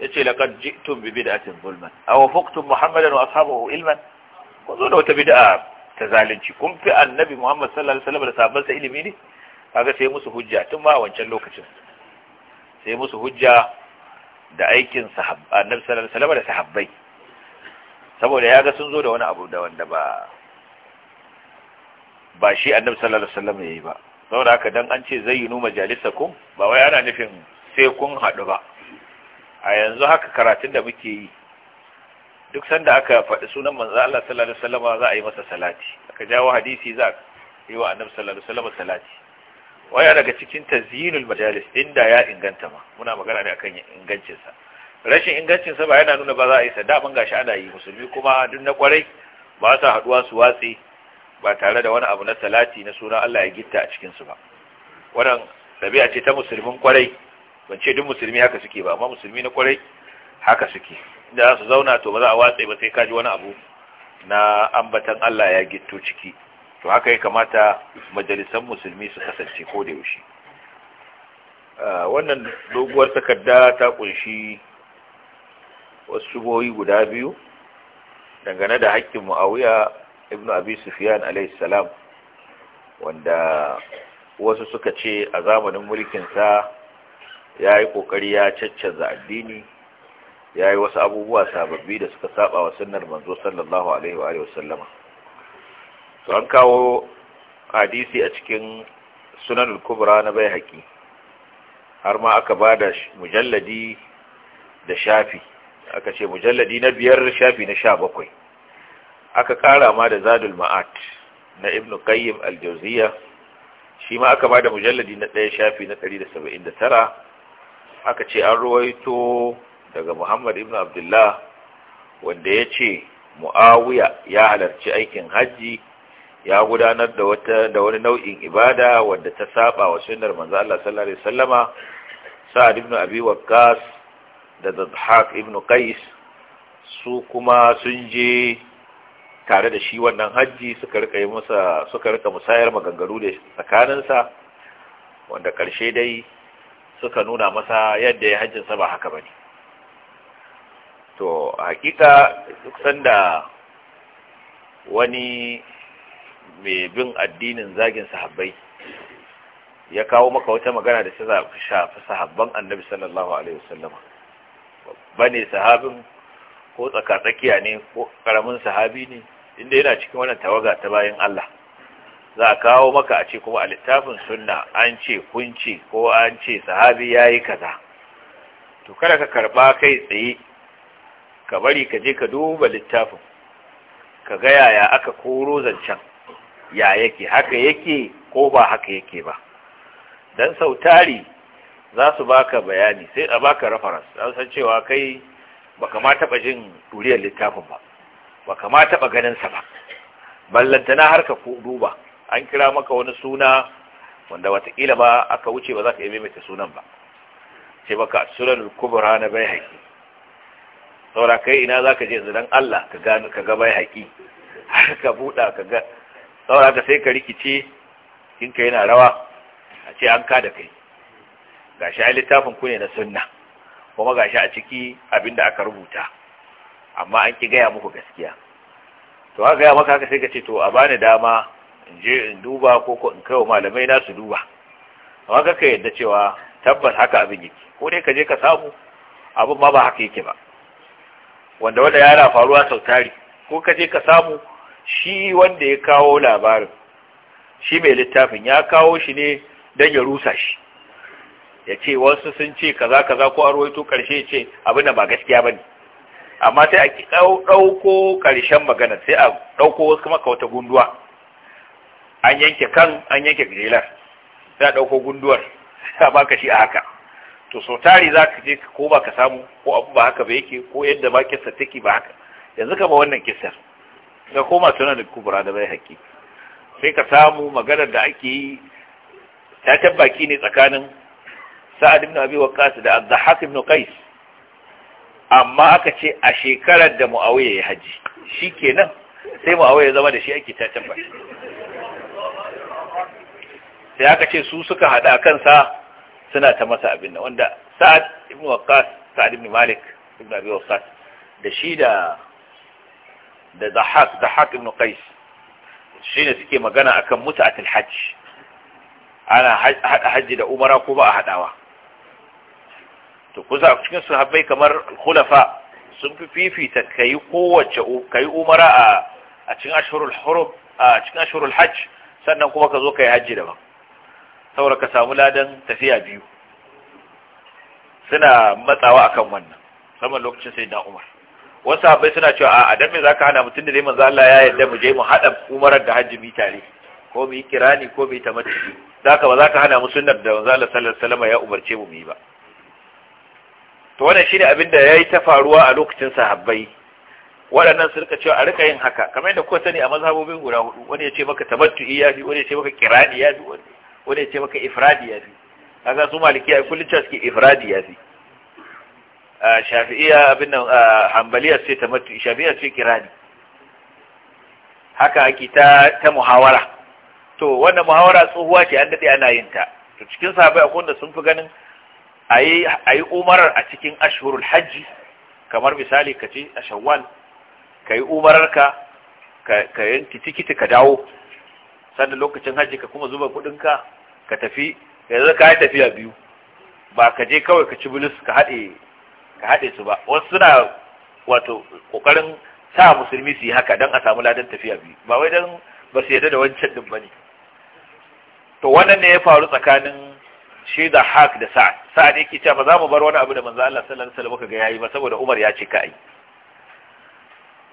yace laqad ji'tum bi bid'atin zulman aw faqtum muhammadan wa ashabahu ilman kun zo da wata bid'a ta zalunci kun fi annabi muhammad sallallahu alaihi wasallam da sa ilimi ne kaga sai musu hujja tun ma a wancan lokacin sai musu hujja da aikin sahabba annabi sallallahu alaihi wasallam da sahabbai saboda ya ga sun zo da wani abu da wanda ba ba shi annabi sallallahu alaihi wasallam yi ba saboda haka dan an ce zai yi zayyinu kun, ba wai ana nufin sai kun haɗu ba a yanzu haka karatun da muke yi duk sanda aka faɗi sunan manzo Allah sallallahu alaihi za a yi masa salati aka jawo hadisi za a yi wa annabi sallallahu alaihi salati waya daga cikin tazyinul majalis inda ya inganta ma muna magana ne akan ingancinsa. rashin ingancin sa ba yana nuna ba za a yi sa ban gashi ana yi musulmi kuma duk na kwarai ba sa haduwa su watsi ba tare da wani abu na salati na suna Allah ya gitta a cikinsu ba wannan ɗabi'a ce ta musulmin kwarai ban ce duk musulmi haka suke ba amma musulmi na kwarai haka suke inda za su zauna to ba za a watsa ba sai ka ji wani abu na ambatan Allah ya gitto ciki to haka ya kamata majalisan musulmi su kasance ko da yaushe wannan doguwar takarda ta kunshi wasu boyi guda biyu dangane da haƙƙin mu'awiya Ibnu abi sufiyan salam wanda wasu suka ce a zamanin mulkinsa ya yi ƙoƙari ya caccanza addini ya yi wasu abubuwa sababbi da suka saba wa sunnar manzo sallallahu alaihi wa sallama to an kawo hadisi a cikin sunan kubra na bai haƙi har ma aka ba da mujalladi da shafi aka ce mujalladi na biyar shafi na sha bakwai aka kara ma da zadul ma'at na ibn qayyim al-jawziya shi ma aka bada mujalladi na ɗaya shafi na 179 aka ce an ruwaito daga muhammad ibn abdullah wanda ya ce mu'awiya ya halarci aikin hajji ya gudanar da wata da wani nau'in ibada wanda ta saba wa sunnar manzo Allah sallallahu alaihi wasallama sa'ad ibn abi waqqas da dhahak ibn qais su kuma sun je tare da shi wannan hajji suka rika yi masa suka rika musayar maganganu da tsakaninsa wanda karshe dai suka nuna masa yadda ya hajjinsa ba haka bane to hakika duk sanda wani mai bin addinin zagin sahabbai ya kawo maka wata magana da ta shafi sahabban annabi sallallahu alaihi wasallama bane sahabin ko tsakatsakiya ne ko karamin sahabi ne inda yana cikin wannan tawaga ta bayan Allah za a kawo maka a ce kuma a littafin sunna an ce kunci ko an ce sahabi ya yi kaza to kada ka karba kai tsaye ka bari ka je ka duba littafin ka ga yaya aka koro zancen ya yake haka yake ko ba haka yake ba don sautari za su baka bayani sai a baka reference an san cewa kai baka ma taɓa jin duriyar littafin ba baka ma taɓa ganinsa ba ballantana har ka duba an kira maka wani suna wanda watakila ba aka wuce ba za ka iya maimaita sunan ba ce baka sunan kubura na bai haƙi saura kai ina za ka je zidan Allah ka ga bai haƙi har ka buɗa ka ga saura ka sai ka rikice ka yana rawa a ce an ka da kai Ga a littafin ku ne na sunna kuma shi a ciki abinda aka rubuta amma an ki gaya muku gaskiya to aka gaya maka haka sai ka ce to a bani dama in je in duba ko in kai wa malamai na su duba amma ka ka yadda cewa tabbas haka abin yake ko dai ka je ka samu abin ma ba haka yake ba wanda wanda yana faruwa sau tari ko ka je ka samu shi wanda ya kawo labarin shi mai littafin ya kawo shi ne don ya rusa shi ya ce wasu sun ce kaza kaza ko an karshe ce abin da ba gaskiya ba ne. amma sai a ɗauko ƙarshen magana sai a ɗauko wasu kuma wata gunduwa an yanke kan an yanke jelar sai a ɗauko gunduwar sai a baka shi a haka to sau tari za ka je ko ba ka samu ko abu ba haka ba yake ko yadda ba kissa take ba haka yanzu ka ba wannan kissar ga koma suna da kubura da bai haƙƙi sai ka samu maganar da ake yi ta tabbaki ne tsakanin sa'ad ibn abi waqqas da az-zahhak ibn qais amma aka ce a shekarar da mu'awiya ya haji shi kenan sai mu'awiya zama da shi ake ta tabbata sai aka ce su suka hada kansa suna ta masa abin nan wanda sa'ad ibn waqqas sa'ad ibn malik ibn abi waqqas da shi da da zahak zahak ibn qais shine suke magana akan mut'atul hajj ana hada hajji da umara ko ba a hadawa to a cikin sahabbai kamar khulafa sun fi fifita kai kowace kai umara a cikin ashhurul hurum a cikin ashhurul hajj sannan kuma ka zo kai hajji daban saboda ka samu ladan tafiya biyu suna matsawa akan wannan saman lokacin sayyidina Umar wasu sahabbai suna cewa a dan me zaka hana mutun da dai manzo Allah ya yarda mu je mu hada umarar da hajji bi tare ko mu yi kirani ko mu yi tamattu zaka ba zaka hana mu sunnar da manzo Allah sallallahu alaihi wasallam ya umarce mu mu yi ba to wannan shine abin da yayi ta faruwa a lokacin sahabbai waɗannan su rika cewa a rika yin haka kamar yadda kuka sani a mazhabobin guda hudu wani ya ce maka tabattu'i fi. wani ya ce maka Kirani ya fi. wani ya ce maka ifradi ya fi kaga su malikiya kullum cewa suke ifradi ya fi. shafi'iya abin nan hanbaliya ce tamattu'i shafi'iya ce kirani haka ake ta ta muhawara to wannan muhawara tsohuwa ce an dade ana yin ta to cikin sahabbai akwai wanda sun fi ganin a yi umarar a cikin ashhurul hajji kamar misali ka ce a shawwal ka yi umararka ka yanki tikiti ka dawo sannan lokacin hajji ka kuma zuba kudinka ka tafi yanzu ka yi tafiya biyu ba ka je kawai ka ci bilis ka haɗe su ba wasu suna wato ƙoƙarin sa musulmi su yi haka don a samu ladan tafiya biyu ba wai don ba su yadda da wancan ɗin ba ne to wannan ne ya faru tsakanin shi da hak da sa'ad sa'ad yake cewa ba za mu bar wani abu da manzo Allah sallallahu alaihi wasallam muka yayi ba saboda Umar ya ce kai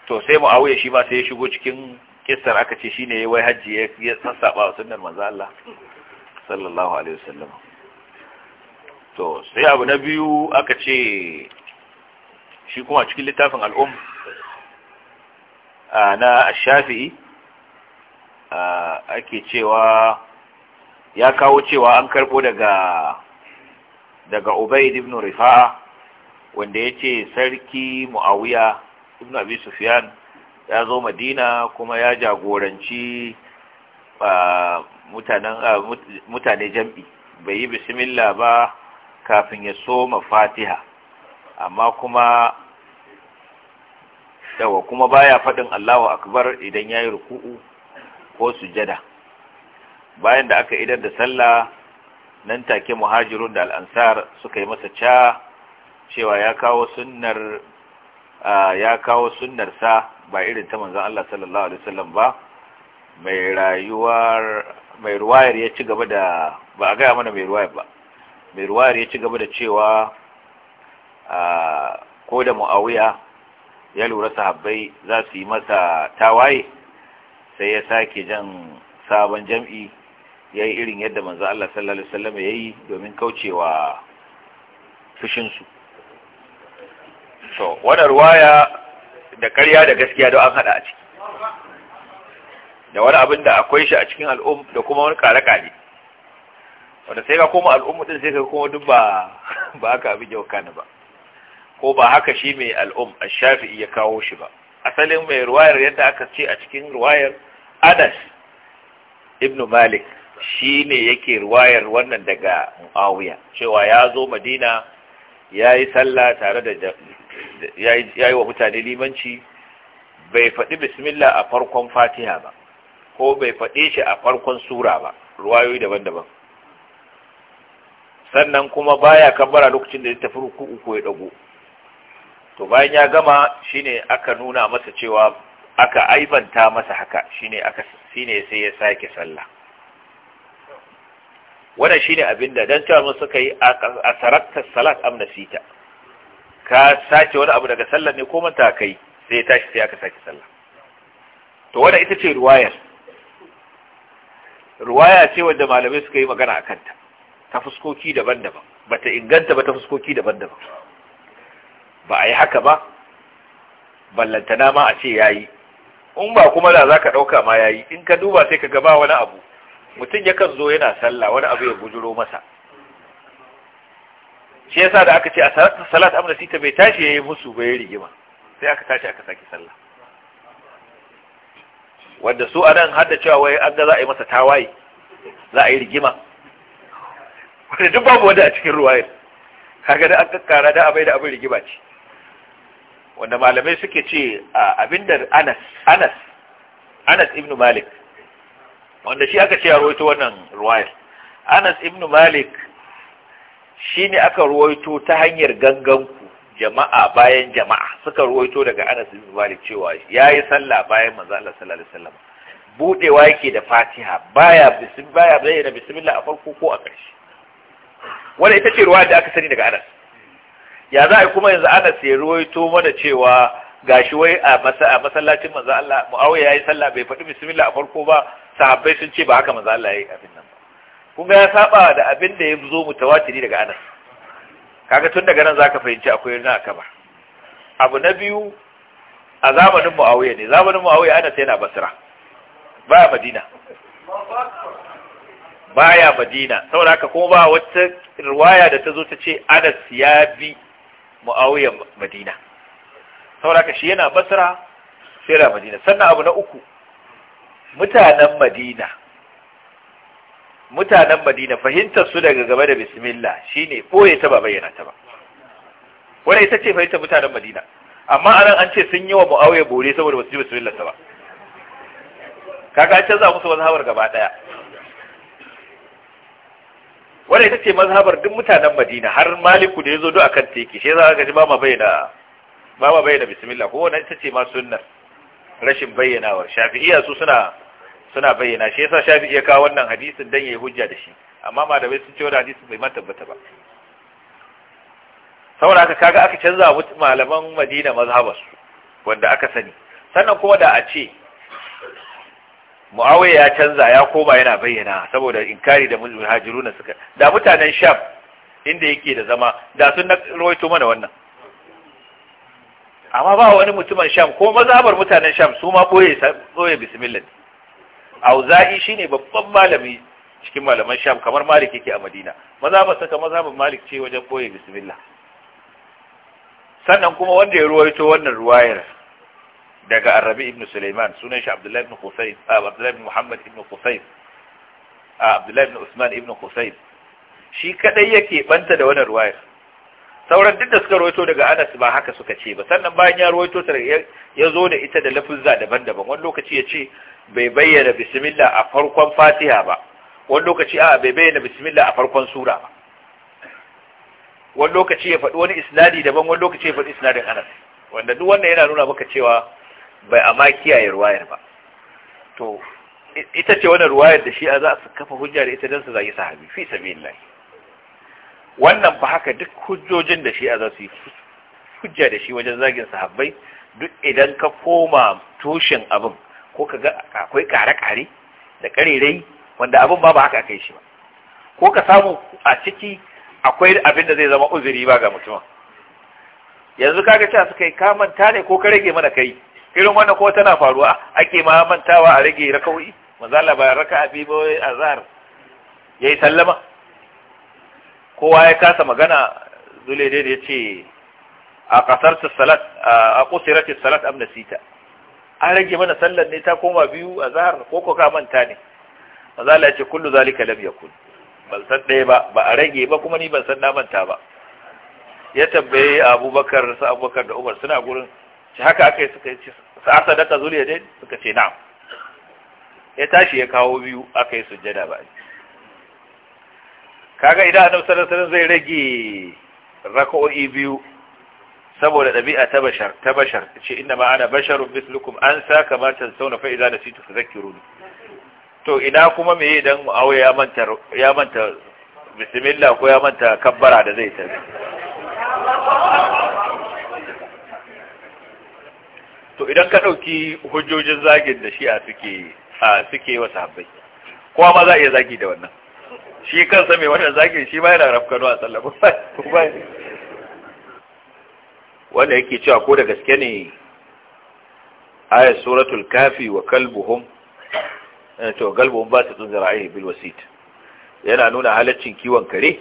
to sai Muawiya shi ba sai ya shigo cikin kissar aka ce shine yayi wai haji ya sassaba wa sunnar manzo Allah sallallahu alaihi wasallam to sai abu na biyu aka ce shi kuma cikin littafin al'um na Shafi'i ake cewa ya kawo cewa an karbo daga daga Ubayd ibn Rifa'a wanda yace sarki Muawiya ibn Abi Sufyan ya zo Madina kuma ya jagoranci mutanen mutane jam'i bai yi bismillah ba kafin ya soma Fatiha amma kuma dawa kuma baya faɗin Allahu akbar idan yayi ruku'u ko sujada bayan da aka idar da sallah nan take muhajirun da al'ansar suka yi masa ca cewa ya kawo sunnar ya kawo sunnar sa ba irin ta manzon Allah sallallahu alaihi wasallam ba mai rayuwar mai ruwayar ya ci gaba da ba a gaya mana mai ruwayar ba mai ruwayar ya ci gaba da cewa ko da mu'awiya ya lura sahabbai za su yi masa tawaye sai ya sake jan sabon jam'i ya yi irin yadda manzo Allah sallallahu alaihi wasallam ya yi domin kaucewa su so wannan ruwaya da ƙarya da gaskiya don an haɗa a ciki da wani abin da akwai shi a cikin al'um da kuma wani ƙare-ƙare wanda sai ka koma al'ummu din sai ka koma duk ba ba haka abin yau kana ba ko ba haka shi mai al'um a shafi'i ya kawo shi ba asalin mai ruwayar yadda aka ce a cikin ruwayar anas ibn malik shi ne yake ruwayar wannan daga Muawiya cewa ya zo Madina ya yi sallah tare da ya yi wa mutane limanci bai faɗi bismillah a farkon fatiha ba ko bai faɗe shi a farkon sura ba ruwayoyi daban-daban sannan kuma baya kabbara lokacin da ya tafi ruku'u ko ya dago to bayan ya gama shine aka nuna masa cewa aka aibanta masa haka shine aka shine sai ya sake sallah wannan shine abin da dan cewa suka yi a sarakta salat amnasita ka sace wani abu daga sallar ne ko manta kai sai ya tashi sai aka sake sallah to wannan ita ce ruwayar ruwaya ce wanda malamai suka yi magana akan ta ta fuskoki daban-daban ba ta inganta ba ta fuskoki daban-daban ba a yi haka ba ballantana ma a ce yayi in ba kuma da zaka ɗauka ma yayi in ka duba sai ka ga wani abu mutum ya kan zo yana sallah wani abu ya bujuro masa shi yasa da aka ce a salat amna sita bai tashi yayi musu bai rigima sai aka tashi aka saki sallah wanda su anan hadda cewa wai an ga za a yi masa tawaye za a yi rigima wanda duk babu wanda a cikin ruwayar kaga da an kakkara da abai da abin rigima ce wanda malamai suke ce abinda Anas Anas Anas ibn Malik wanda shi aka ce a ruwaito wannan ruwayar anas ibn malik shi ne aka ruwaito ta hanyar ganganku jama'a bayan jama'a suka ruwaito daga anas ibn malik cewa ya yi sallah bayan maza Allah sallallahu alaihi wasallam budewa yake da fatiha baya bisim baya bayyana bismillah a farko ko a ƙarshe wanda ita ce ruwaya da aka sani daga anas ya za a kuma yanzu anas ya ruwaito mana cewa gashi wai a masallacin manzo Allah Muawiya yayi sallah bai faɗi bismillah a farko ba sahabbai sun ce ba haka manzo Allah yayi abin nan ba kun ga ya saba da abin da ya zo mutawatiri daga Anas kaga tun daga nan zaka fahimci akwai rina ba abu na biyu a zamanin Muawiya ne zamanin Muawiya Anas yana Basra baya Madina baya Madina saboda haka kuma ba wata riwaya da ta zo ta ce Anas ya bi Muawiya Madina sauraka shi yana basra sai yana madina sannan abu na uku mutanen madina mutanen madina fahimtar su daga gaba da bismillah shine boye ta ba bayyana ta ba wannan ita ce fahimtar mutanen madina amma anan an ce sun yi wa muawiya bore saboda ba su ji bismillah ta ba kaga an canza musu mazhabar gaba daya wannan ita ce mazhabar duk mutanen madina har maliku da yazo duk akan teki shi yasa aka ji ba ma bayyana ba ba bayyana bismillah ko wannan ita ce ma sunnar rashin bayyanawar shafi'iyya su suna suna bayyana shi yasa shafi'i ya kawo wannan hadisin dan yayi hujja da shi amma malamai sun ce wannan hadisin bai ma tabbata ba saboda haka kaga aka canza malaman Madina mazhabar su wanda aka sani sannan kuma da a ce Muawiya ya canza ya koma yana bayyana saboda inkari da muhajiruna suka da mutanen Sham inda yake da zama da sun rawaito mana wannan amma ba wani mutumin sham ko mazabar mutanen sham su ma boye boye bismillah auza'i shine babban malami cikin malaman sham kamar malik yake a madina mazabar saka mazabar malik ce wajen boye bismillah sannan kuma wanda ya ruwaito wannan ruwayar daga arabi ibn sulaiman sunan shi abdullahi ibn husayn ah, abdullahi ibn muhammad ibn husayn ah, abdullahi ibn usman ibn husayn shi kadai yake banta da wannan ruwayar sauran duk da suka rawaito daga Anas ba haka suka ce ba sannan bayan ya rawaito ta ya zo da ita da lafuzza daban-daban wani lokaci ya ce bai bayyana bismillah a farkon Fatiha ba wani lokaci a bai bayyana bismillah a farkon sura ba wani lokaci ya faɗi wani isnadi daban wani lokaci ya faɗi isnadin Anas wanda duk wannan yana nuna maka cewa bai amma kiyaye ruwayar ba to ita ce wannan ruwayar da shi a za su kafa hujja da ita don su zagi sahabi fi sabilillah wannan ba haka duk hujjojin da shi a za su yi hujja da shi wajen zagin sahabbai duk idan ka koma tushen abin ko ka ga akwai kare-kare da karerai wanda abin ba ba haka kai shi ba ko ka samu a ciki akwai abin da zai zama uzuri ba ga mutumin yanzu kaga cewa suka yi manta ne ko ka rage mana kai irin wannan ko tana faruwa ake ma mantawa a rage rakawai Maza ba raka'a bi ba azhar yayi sallama kowa ya kasa magana zule da ya ce a kasar salat a kusurati salat amna sita an rage mana sallar ne ta koma biyu a zahar ko ko ka manta ne mazala ya ce kullu zalika lam yakun ban san ɗaya ba ba a rage ba kuma ni ban san na manta ba ya tambaye abubakar su abubakar da umar suna gurin shi haka aka yi suka yi sa'a sadaka zuliya dai suka ce na ya tashi ya kawo biyu aka yi sujjada ba ne kaga idan annabi sallallahu alaihi zai rage raka'o'i biyu saboda dabi'a ta bashar ta bashar ce inna ma ana basharun mislukum an sa kama sauna fa idza nasitu fadhakkiruni to ina kuma me idan muawiya ya manta ya manta bismillah ko ya manta kabbara da zai ta to idan ka dauki hujjojin zagin da a suke a suke wa sahabbai kowa ma za a iya zagi da wannan shi kansa mai wannan zaki shi ba yana rafkano a sallah ba wanda yake cewa ko da gaske ne ayat suratul kafi wa kalbuhum eh, to galbuhum ba ta tunzara aihi bil wasit yana nuna halaccin kiwon kare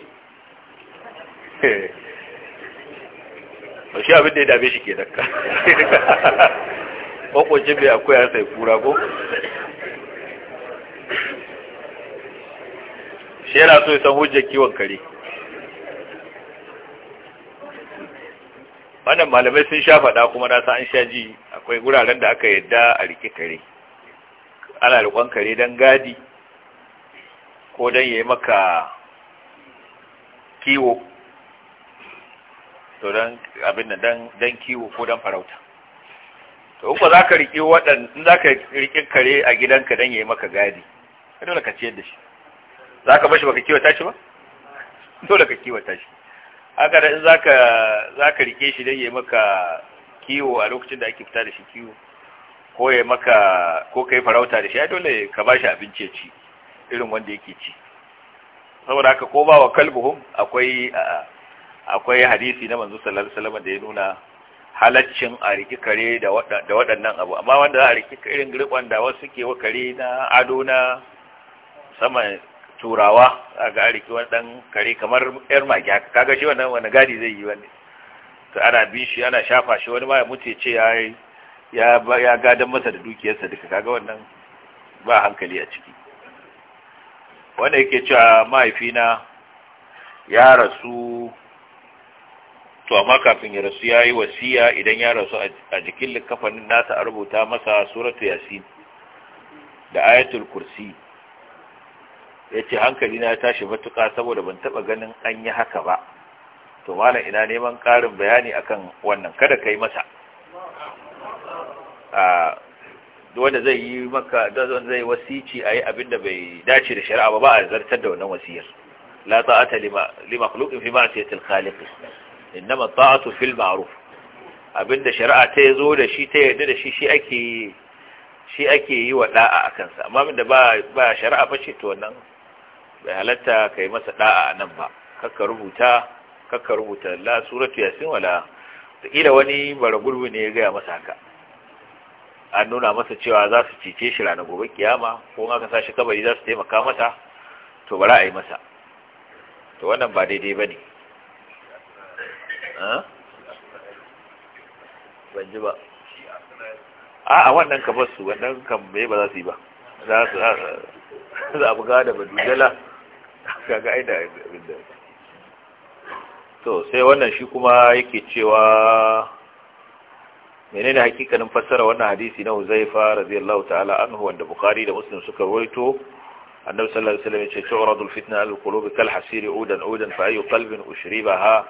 Ba (laughs) shi abin da ya dame shi ke dakka (laughs) kwakwacin bai akwai ya sai kura ko shi yana so ya san hujjar kiwon kare wannan malamai sun sha faɗa kuma na sa an sha ji akwai guraren da aka yadda a riƙe kare ana riƙon kare don gadi ko don ya yi maka kiwo to don abin da don kiwo ko don farauta to in za ka riƙe waɗanda za ka riƙe kare a gidanka don ya yi maka gadi ka dole ka ciyar da shi za ka bashi baka kiwata shi ba dole ka kiwata shi haka da in za ka rike shi dai ya maka kiwo a lokacin da ake fita da shi kiwo ko ya maka ko ka yi farauta da shi ya dole ka bashi abinci ya ci irin wanda yake ci saboda haka ko ba wa kalbuhum akwai akwai hadisi na manzo sallallahu alaihi wasallam da ya nuna halaccin a riki kare da waɗannan abu amma wanda za a riki irin riƙon da wasu ke wa kare na ado na sama turawa a ga ariki wadan kare kamar yar magi haka kaga shi wannan wani gadi zai yi wani to ana bin shi ana shafa shi wani ma ya mutu ce ya ya ya gadan masa da dukiyarsa duka kaga wannan ba hankali a ciki wanda yake cewa mahaifina ya rasu to amma kafin ya rasu ya yi wasiya idan ya rasu a jikin likafanin nasa a rubuta masa suratu yasin da ayatul kursi ya ce hankali na tashi matuƙa saboda ban taɓa ganin an yi haka ba to malam ina neman ƙarin bayani akan wannan kada ka yi masa wanda zai yi maka zai wasici a yi abinda bai dace da shari'a ba ba a zartar da wannan wasiyar la ta'ata li makhluqin fi ma'siyatil khaliq inma ta'atu fil ma'ruf abinda shari'a ta yazo da shi ta yadda da shi shi ake shi ake yi wa da'a akan sa amma da ba ba shari'a ba ce to wannan bai halatta kai masa da'a a nan ba kakka rubuta kakka rubuta la suratu yasin wala ila wani bara gurbi ne ya gaya masa haka an nuna masa cewa za su cice shi ranar gobe kiyama ko aka sa shi kabari za su taimaka masa to bara a yi masa to wannan ba daidai ba ne ban ji ba a a wannan ka su wannan kan bai ba za su yi ba za su za a buga da kaga aida abin to sai wannan shi kuma yake cewa menene hakikanin fassara wannan hadisi na Uzaifa radiyallahu ta'ala anhu wanda Bukhari da Muslim suka rawaito Annabi sallallahu alaihi wasallam yace tu'radu al-fitna ala al-qulub kal hasiri udan udan fa ayu qalbin ushribaha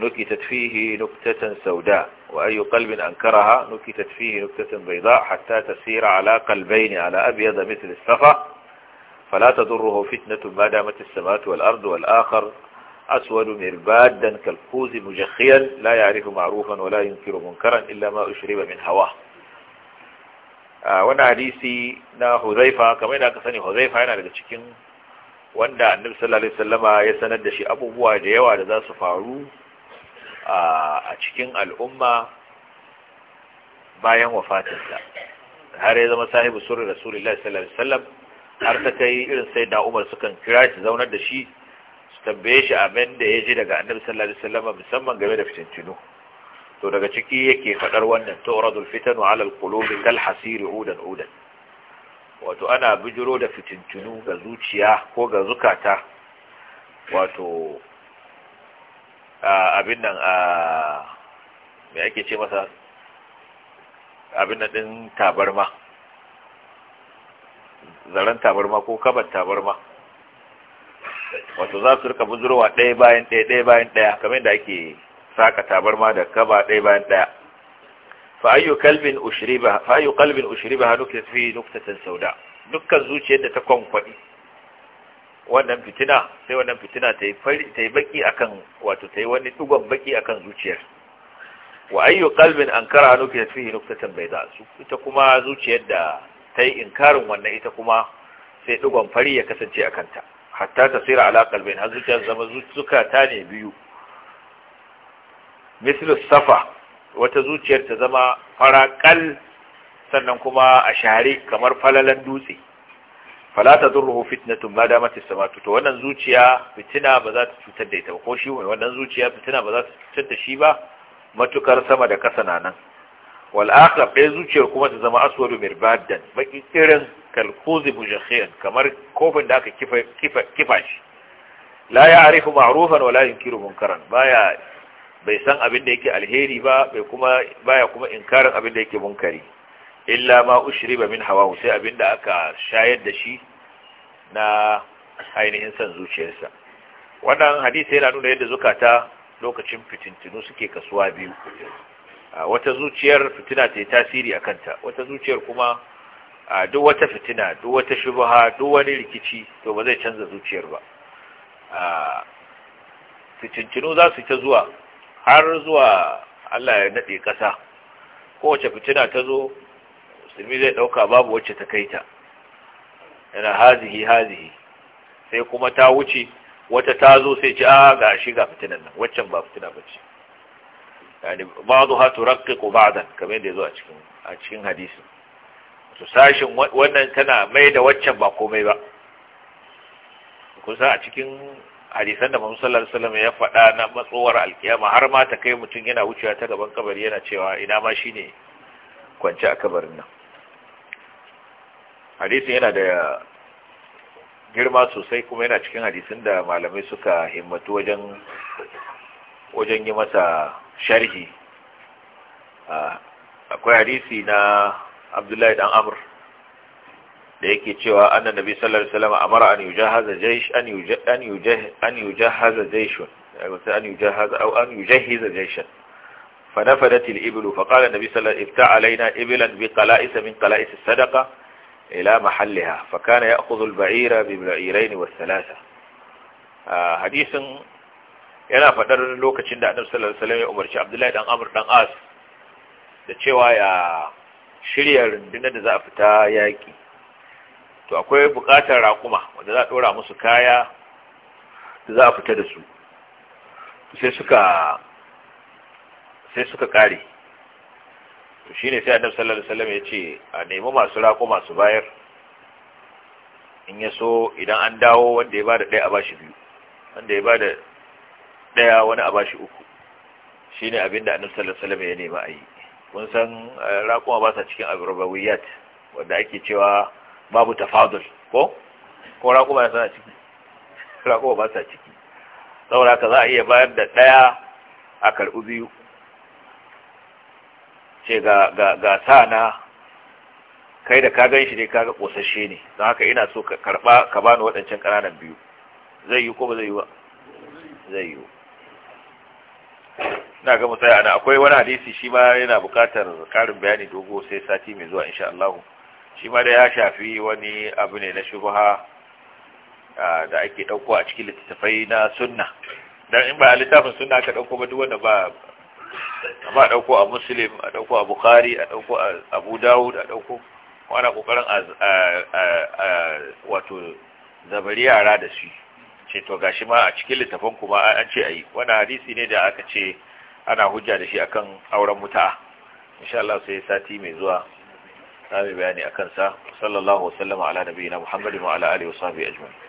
nukitat fihi nuktatan sawda wa ayu qalbin ankaraha nukitat fihi nuktatan bayda hatta tasira ala qalbayn ala abyad mithl as-safa فلا تضره فتنة ما دامت السماوات والأرض والآخر أسود مربادا كالكوز مجخيا لا يعرف معروفا ولا ينكر منكرا إلا ما أشرب من هواه wani hadisi na huzaifa kamar yadda aka sani huzaifa yana daga cikin wanda annabi sallallahu alaihi wasallama ya sanar da shi abubuwa da yawa da za su faru a cikin al'umma bayan wafatinsa har ya zama sahibu sura rasulullahi sallallahu alaihi wasallam har ta ta yi irin sai da umar sukan kira shi zaunar da shi su tambaye shi abin da ya ji daga annabi sallallahu alaihi wasallam musamman game da fitintinu to daga ciki yake fadar wannan turadul fitanu ala alqulubi kal hasiri udan udan wato ana bijiro da fitintinu ga zuciya ko ga zukata wato abin nan a me ake ce masa abin nan din tabarma zaren tabarma ko kabar tabarma wato za su rika buzurwa ɗaya bayan ɗaya ɗaya bayan ɗaya kamar da ake saka tabarma da kaba ɗaya bayan ɗaya fa ayyu kalbin ushriba fa ayyu qalbin ushriba nukat fi nuktatan sauda dukkan zuciyar da ta kwankwaɗi. wannan fitina sai wannan fitina ta yi ta yi baki akan wato ta yi wani dugon baki akan zuciyar wa ayyu kalbin ankara nukat fi nuktatan su ita kuma zuciyar da ta yi inkarin wannan ita kuma sai digon fari ya kasance a kanta hatta ta tsira alaƙar bayan har zuciya zama zukata ne biyu misli safa wata zuciyar ta zama faraƙal sannan kuma a share kamar falalan dutse fala ta hu fitnatun ma dama ta samatu to wannan zuciya fitina ba za ta cutar da ita ko shi wannan zuciya fitina ba za ta cutar da shi ba matukar sama da kasa na nan wal ɗaya zuciyar kuma ta zama aswadu mirbadan baki irin kalkuzi mujakhiyan kamar kofin da aka kifa kifa kifa shi la ya'rifu ma'rufan wala yunkiru munkaran baya bai san abin da yake alheri ba bai kuma baya kuma inkarin abin da yake munkari illa ma ba min hawa sai abin da aka shayar da shi na ainihin san zuciyarsa wannan hadisi yana nuna yadda zukata lokacin fitintinu suke kasuwa biyu wata zuciyar fitina ta yi tasiri a kanta wata zuciyar kuma duk wata fitina duk wata shubaha duk wani rikici to ba zai canza zuciyar ba fitincinu za su ta zuwa har zuwa Allah ya naɗe ƙasa kowace fitina ta zo musulmi zai ɗauka babu wacce ta kai ta yana hazihi hazihi sai kuma ta wuce wata ta zo sai ci a ah, ga shiga fitinan nan waccan ba fitina ba ce yani ba'daha turaqqiqu ba'dan kamar yadda yazo a cikin a cikin hadisi to sashin wannan tana mai da waccan ba komai ba kusa a cikin hadisan da Muhammad sallallahu alaihi wasallam ya faɗa na matsowar alkiyama har ma ta kai mutum yana wucewa ta gaban kabari yana cewa ina ma shine kwance a kabarin nan hadisin yana da girma sosai kuma yana cikin hadisin da malamai suka himmatu wajen wajen yi masa sharhi akwai hadisi na abdullahi dan amr da yake cewa annan nabi sallallahu alaihi wasallam amara an yujahaza jaysh an an an yujahaza jayshun an yujahaza aw an yujahiza jayshan فنفدت الإبل فقال النبي صلى الله عليه وسلم ابتع علينا إبلا بقلائس من قلائس الصدقة إلى محلها فكان يأخذ البعير ببعيرين والثلاثة حديث yana faɗar lokacin da annabi sallallahu alaihi wasallam ya umarci abdullahi dan amr dan as da cewa ya shirya rundunar da za a fita yaƙi to akwai buƙatar raƙuma wanda za a ɗora musu kaya da za a fita da su sai suka sai suka ƙare to shi ne sai Adam, sallallahu alaihi wasallam ya ce a nemi masu raƙuma su bayar in ya so idan an dawo wanda ya ba da ɗaya a ba shi biyu wanda ya ba da ɗaya wani a bashi uku shi ne abin da annabi sallallahu alaihi wasallam ya nema a yi kun san eh, raƙuma ba sa cikin agrobawiyat wanda ake cewa babu tafadul ko ko raƙuma suna ciki (laughs) raƙuma ba sa ciki saboda ka za a iya bayar da ɗaya a karɓi biyu ce ga ga ga sana kai da ka gan shi ne ka ga ƙosashe ne don haka ina so ka karɓa ka bani waɗancan ƙananan biyu zai yi ko ba zai yi ba zai yi ina ga musaya ana akwai wani hadisi shi ma yana bukatar karin bayani dogo sai sati mai zuwa insha Allah shi ma da ya shafi wani abu ne na shubha da ake dauko a cikin littattafai na sunna dan in ba littafin sunna aka dauko ba duk wanda ba ba dauko a muslim a dauko a bukhari a dauko a abu da'ud a dauko wani kokarin a wato zabari yara da shi ce to gashi ma a cikin littafin kuma an ce ayi wannan hadisi ne da aka ce ana hujja da shi akan auren muta insha Allah sai sati mai zuwa zamu bayani akan sa sallallahu alaihi wa sallama ala nabiyina muhammadin wa ala alihi wa sahbihi ajma'in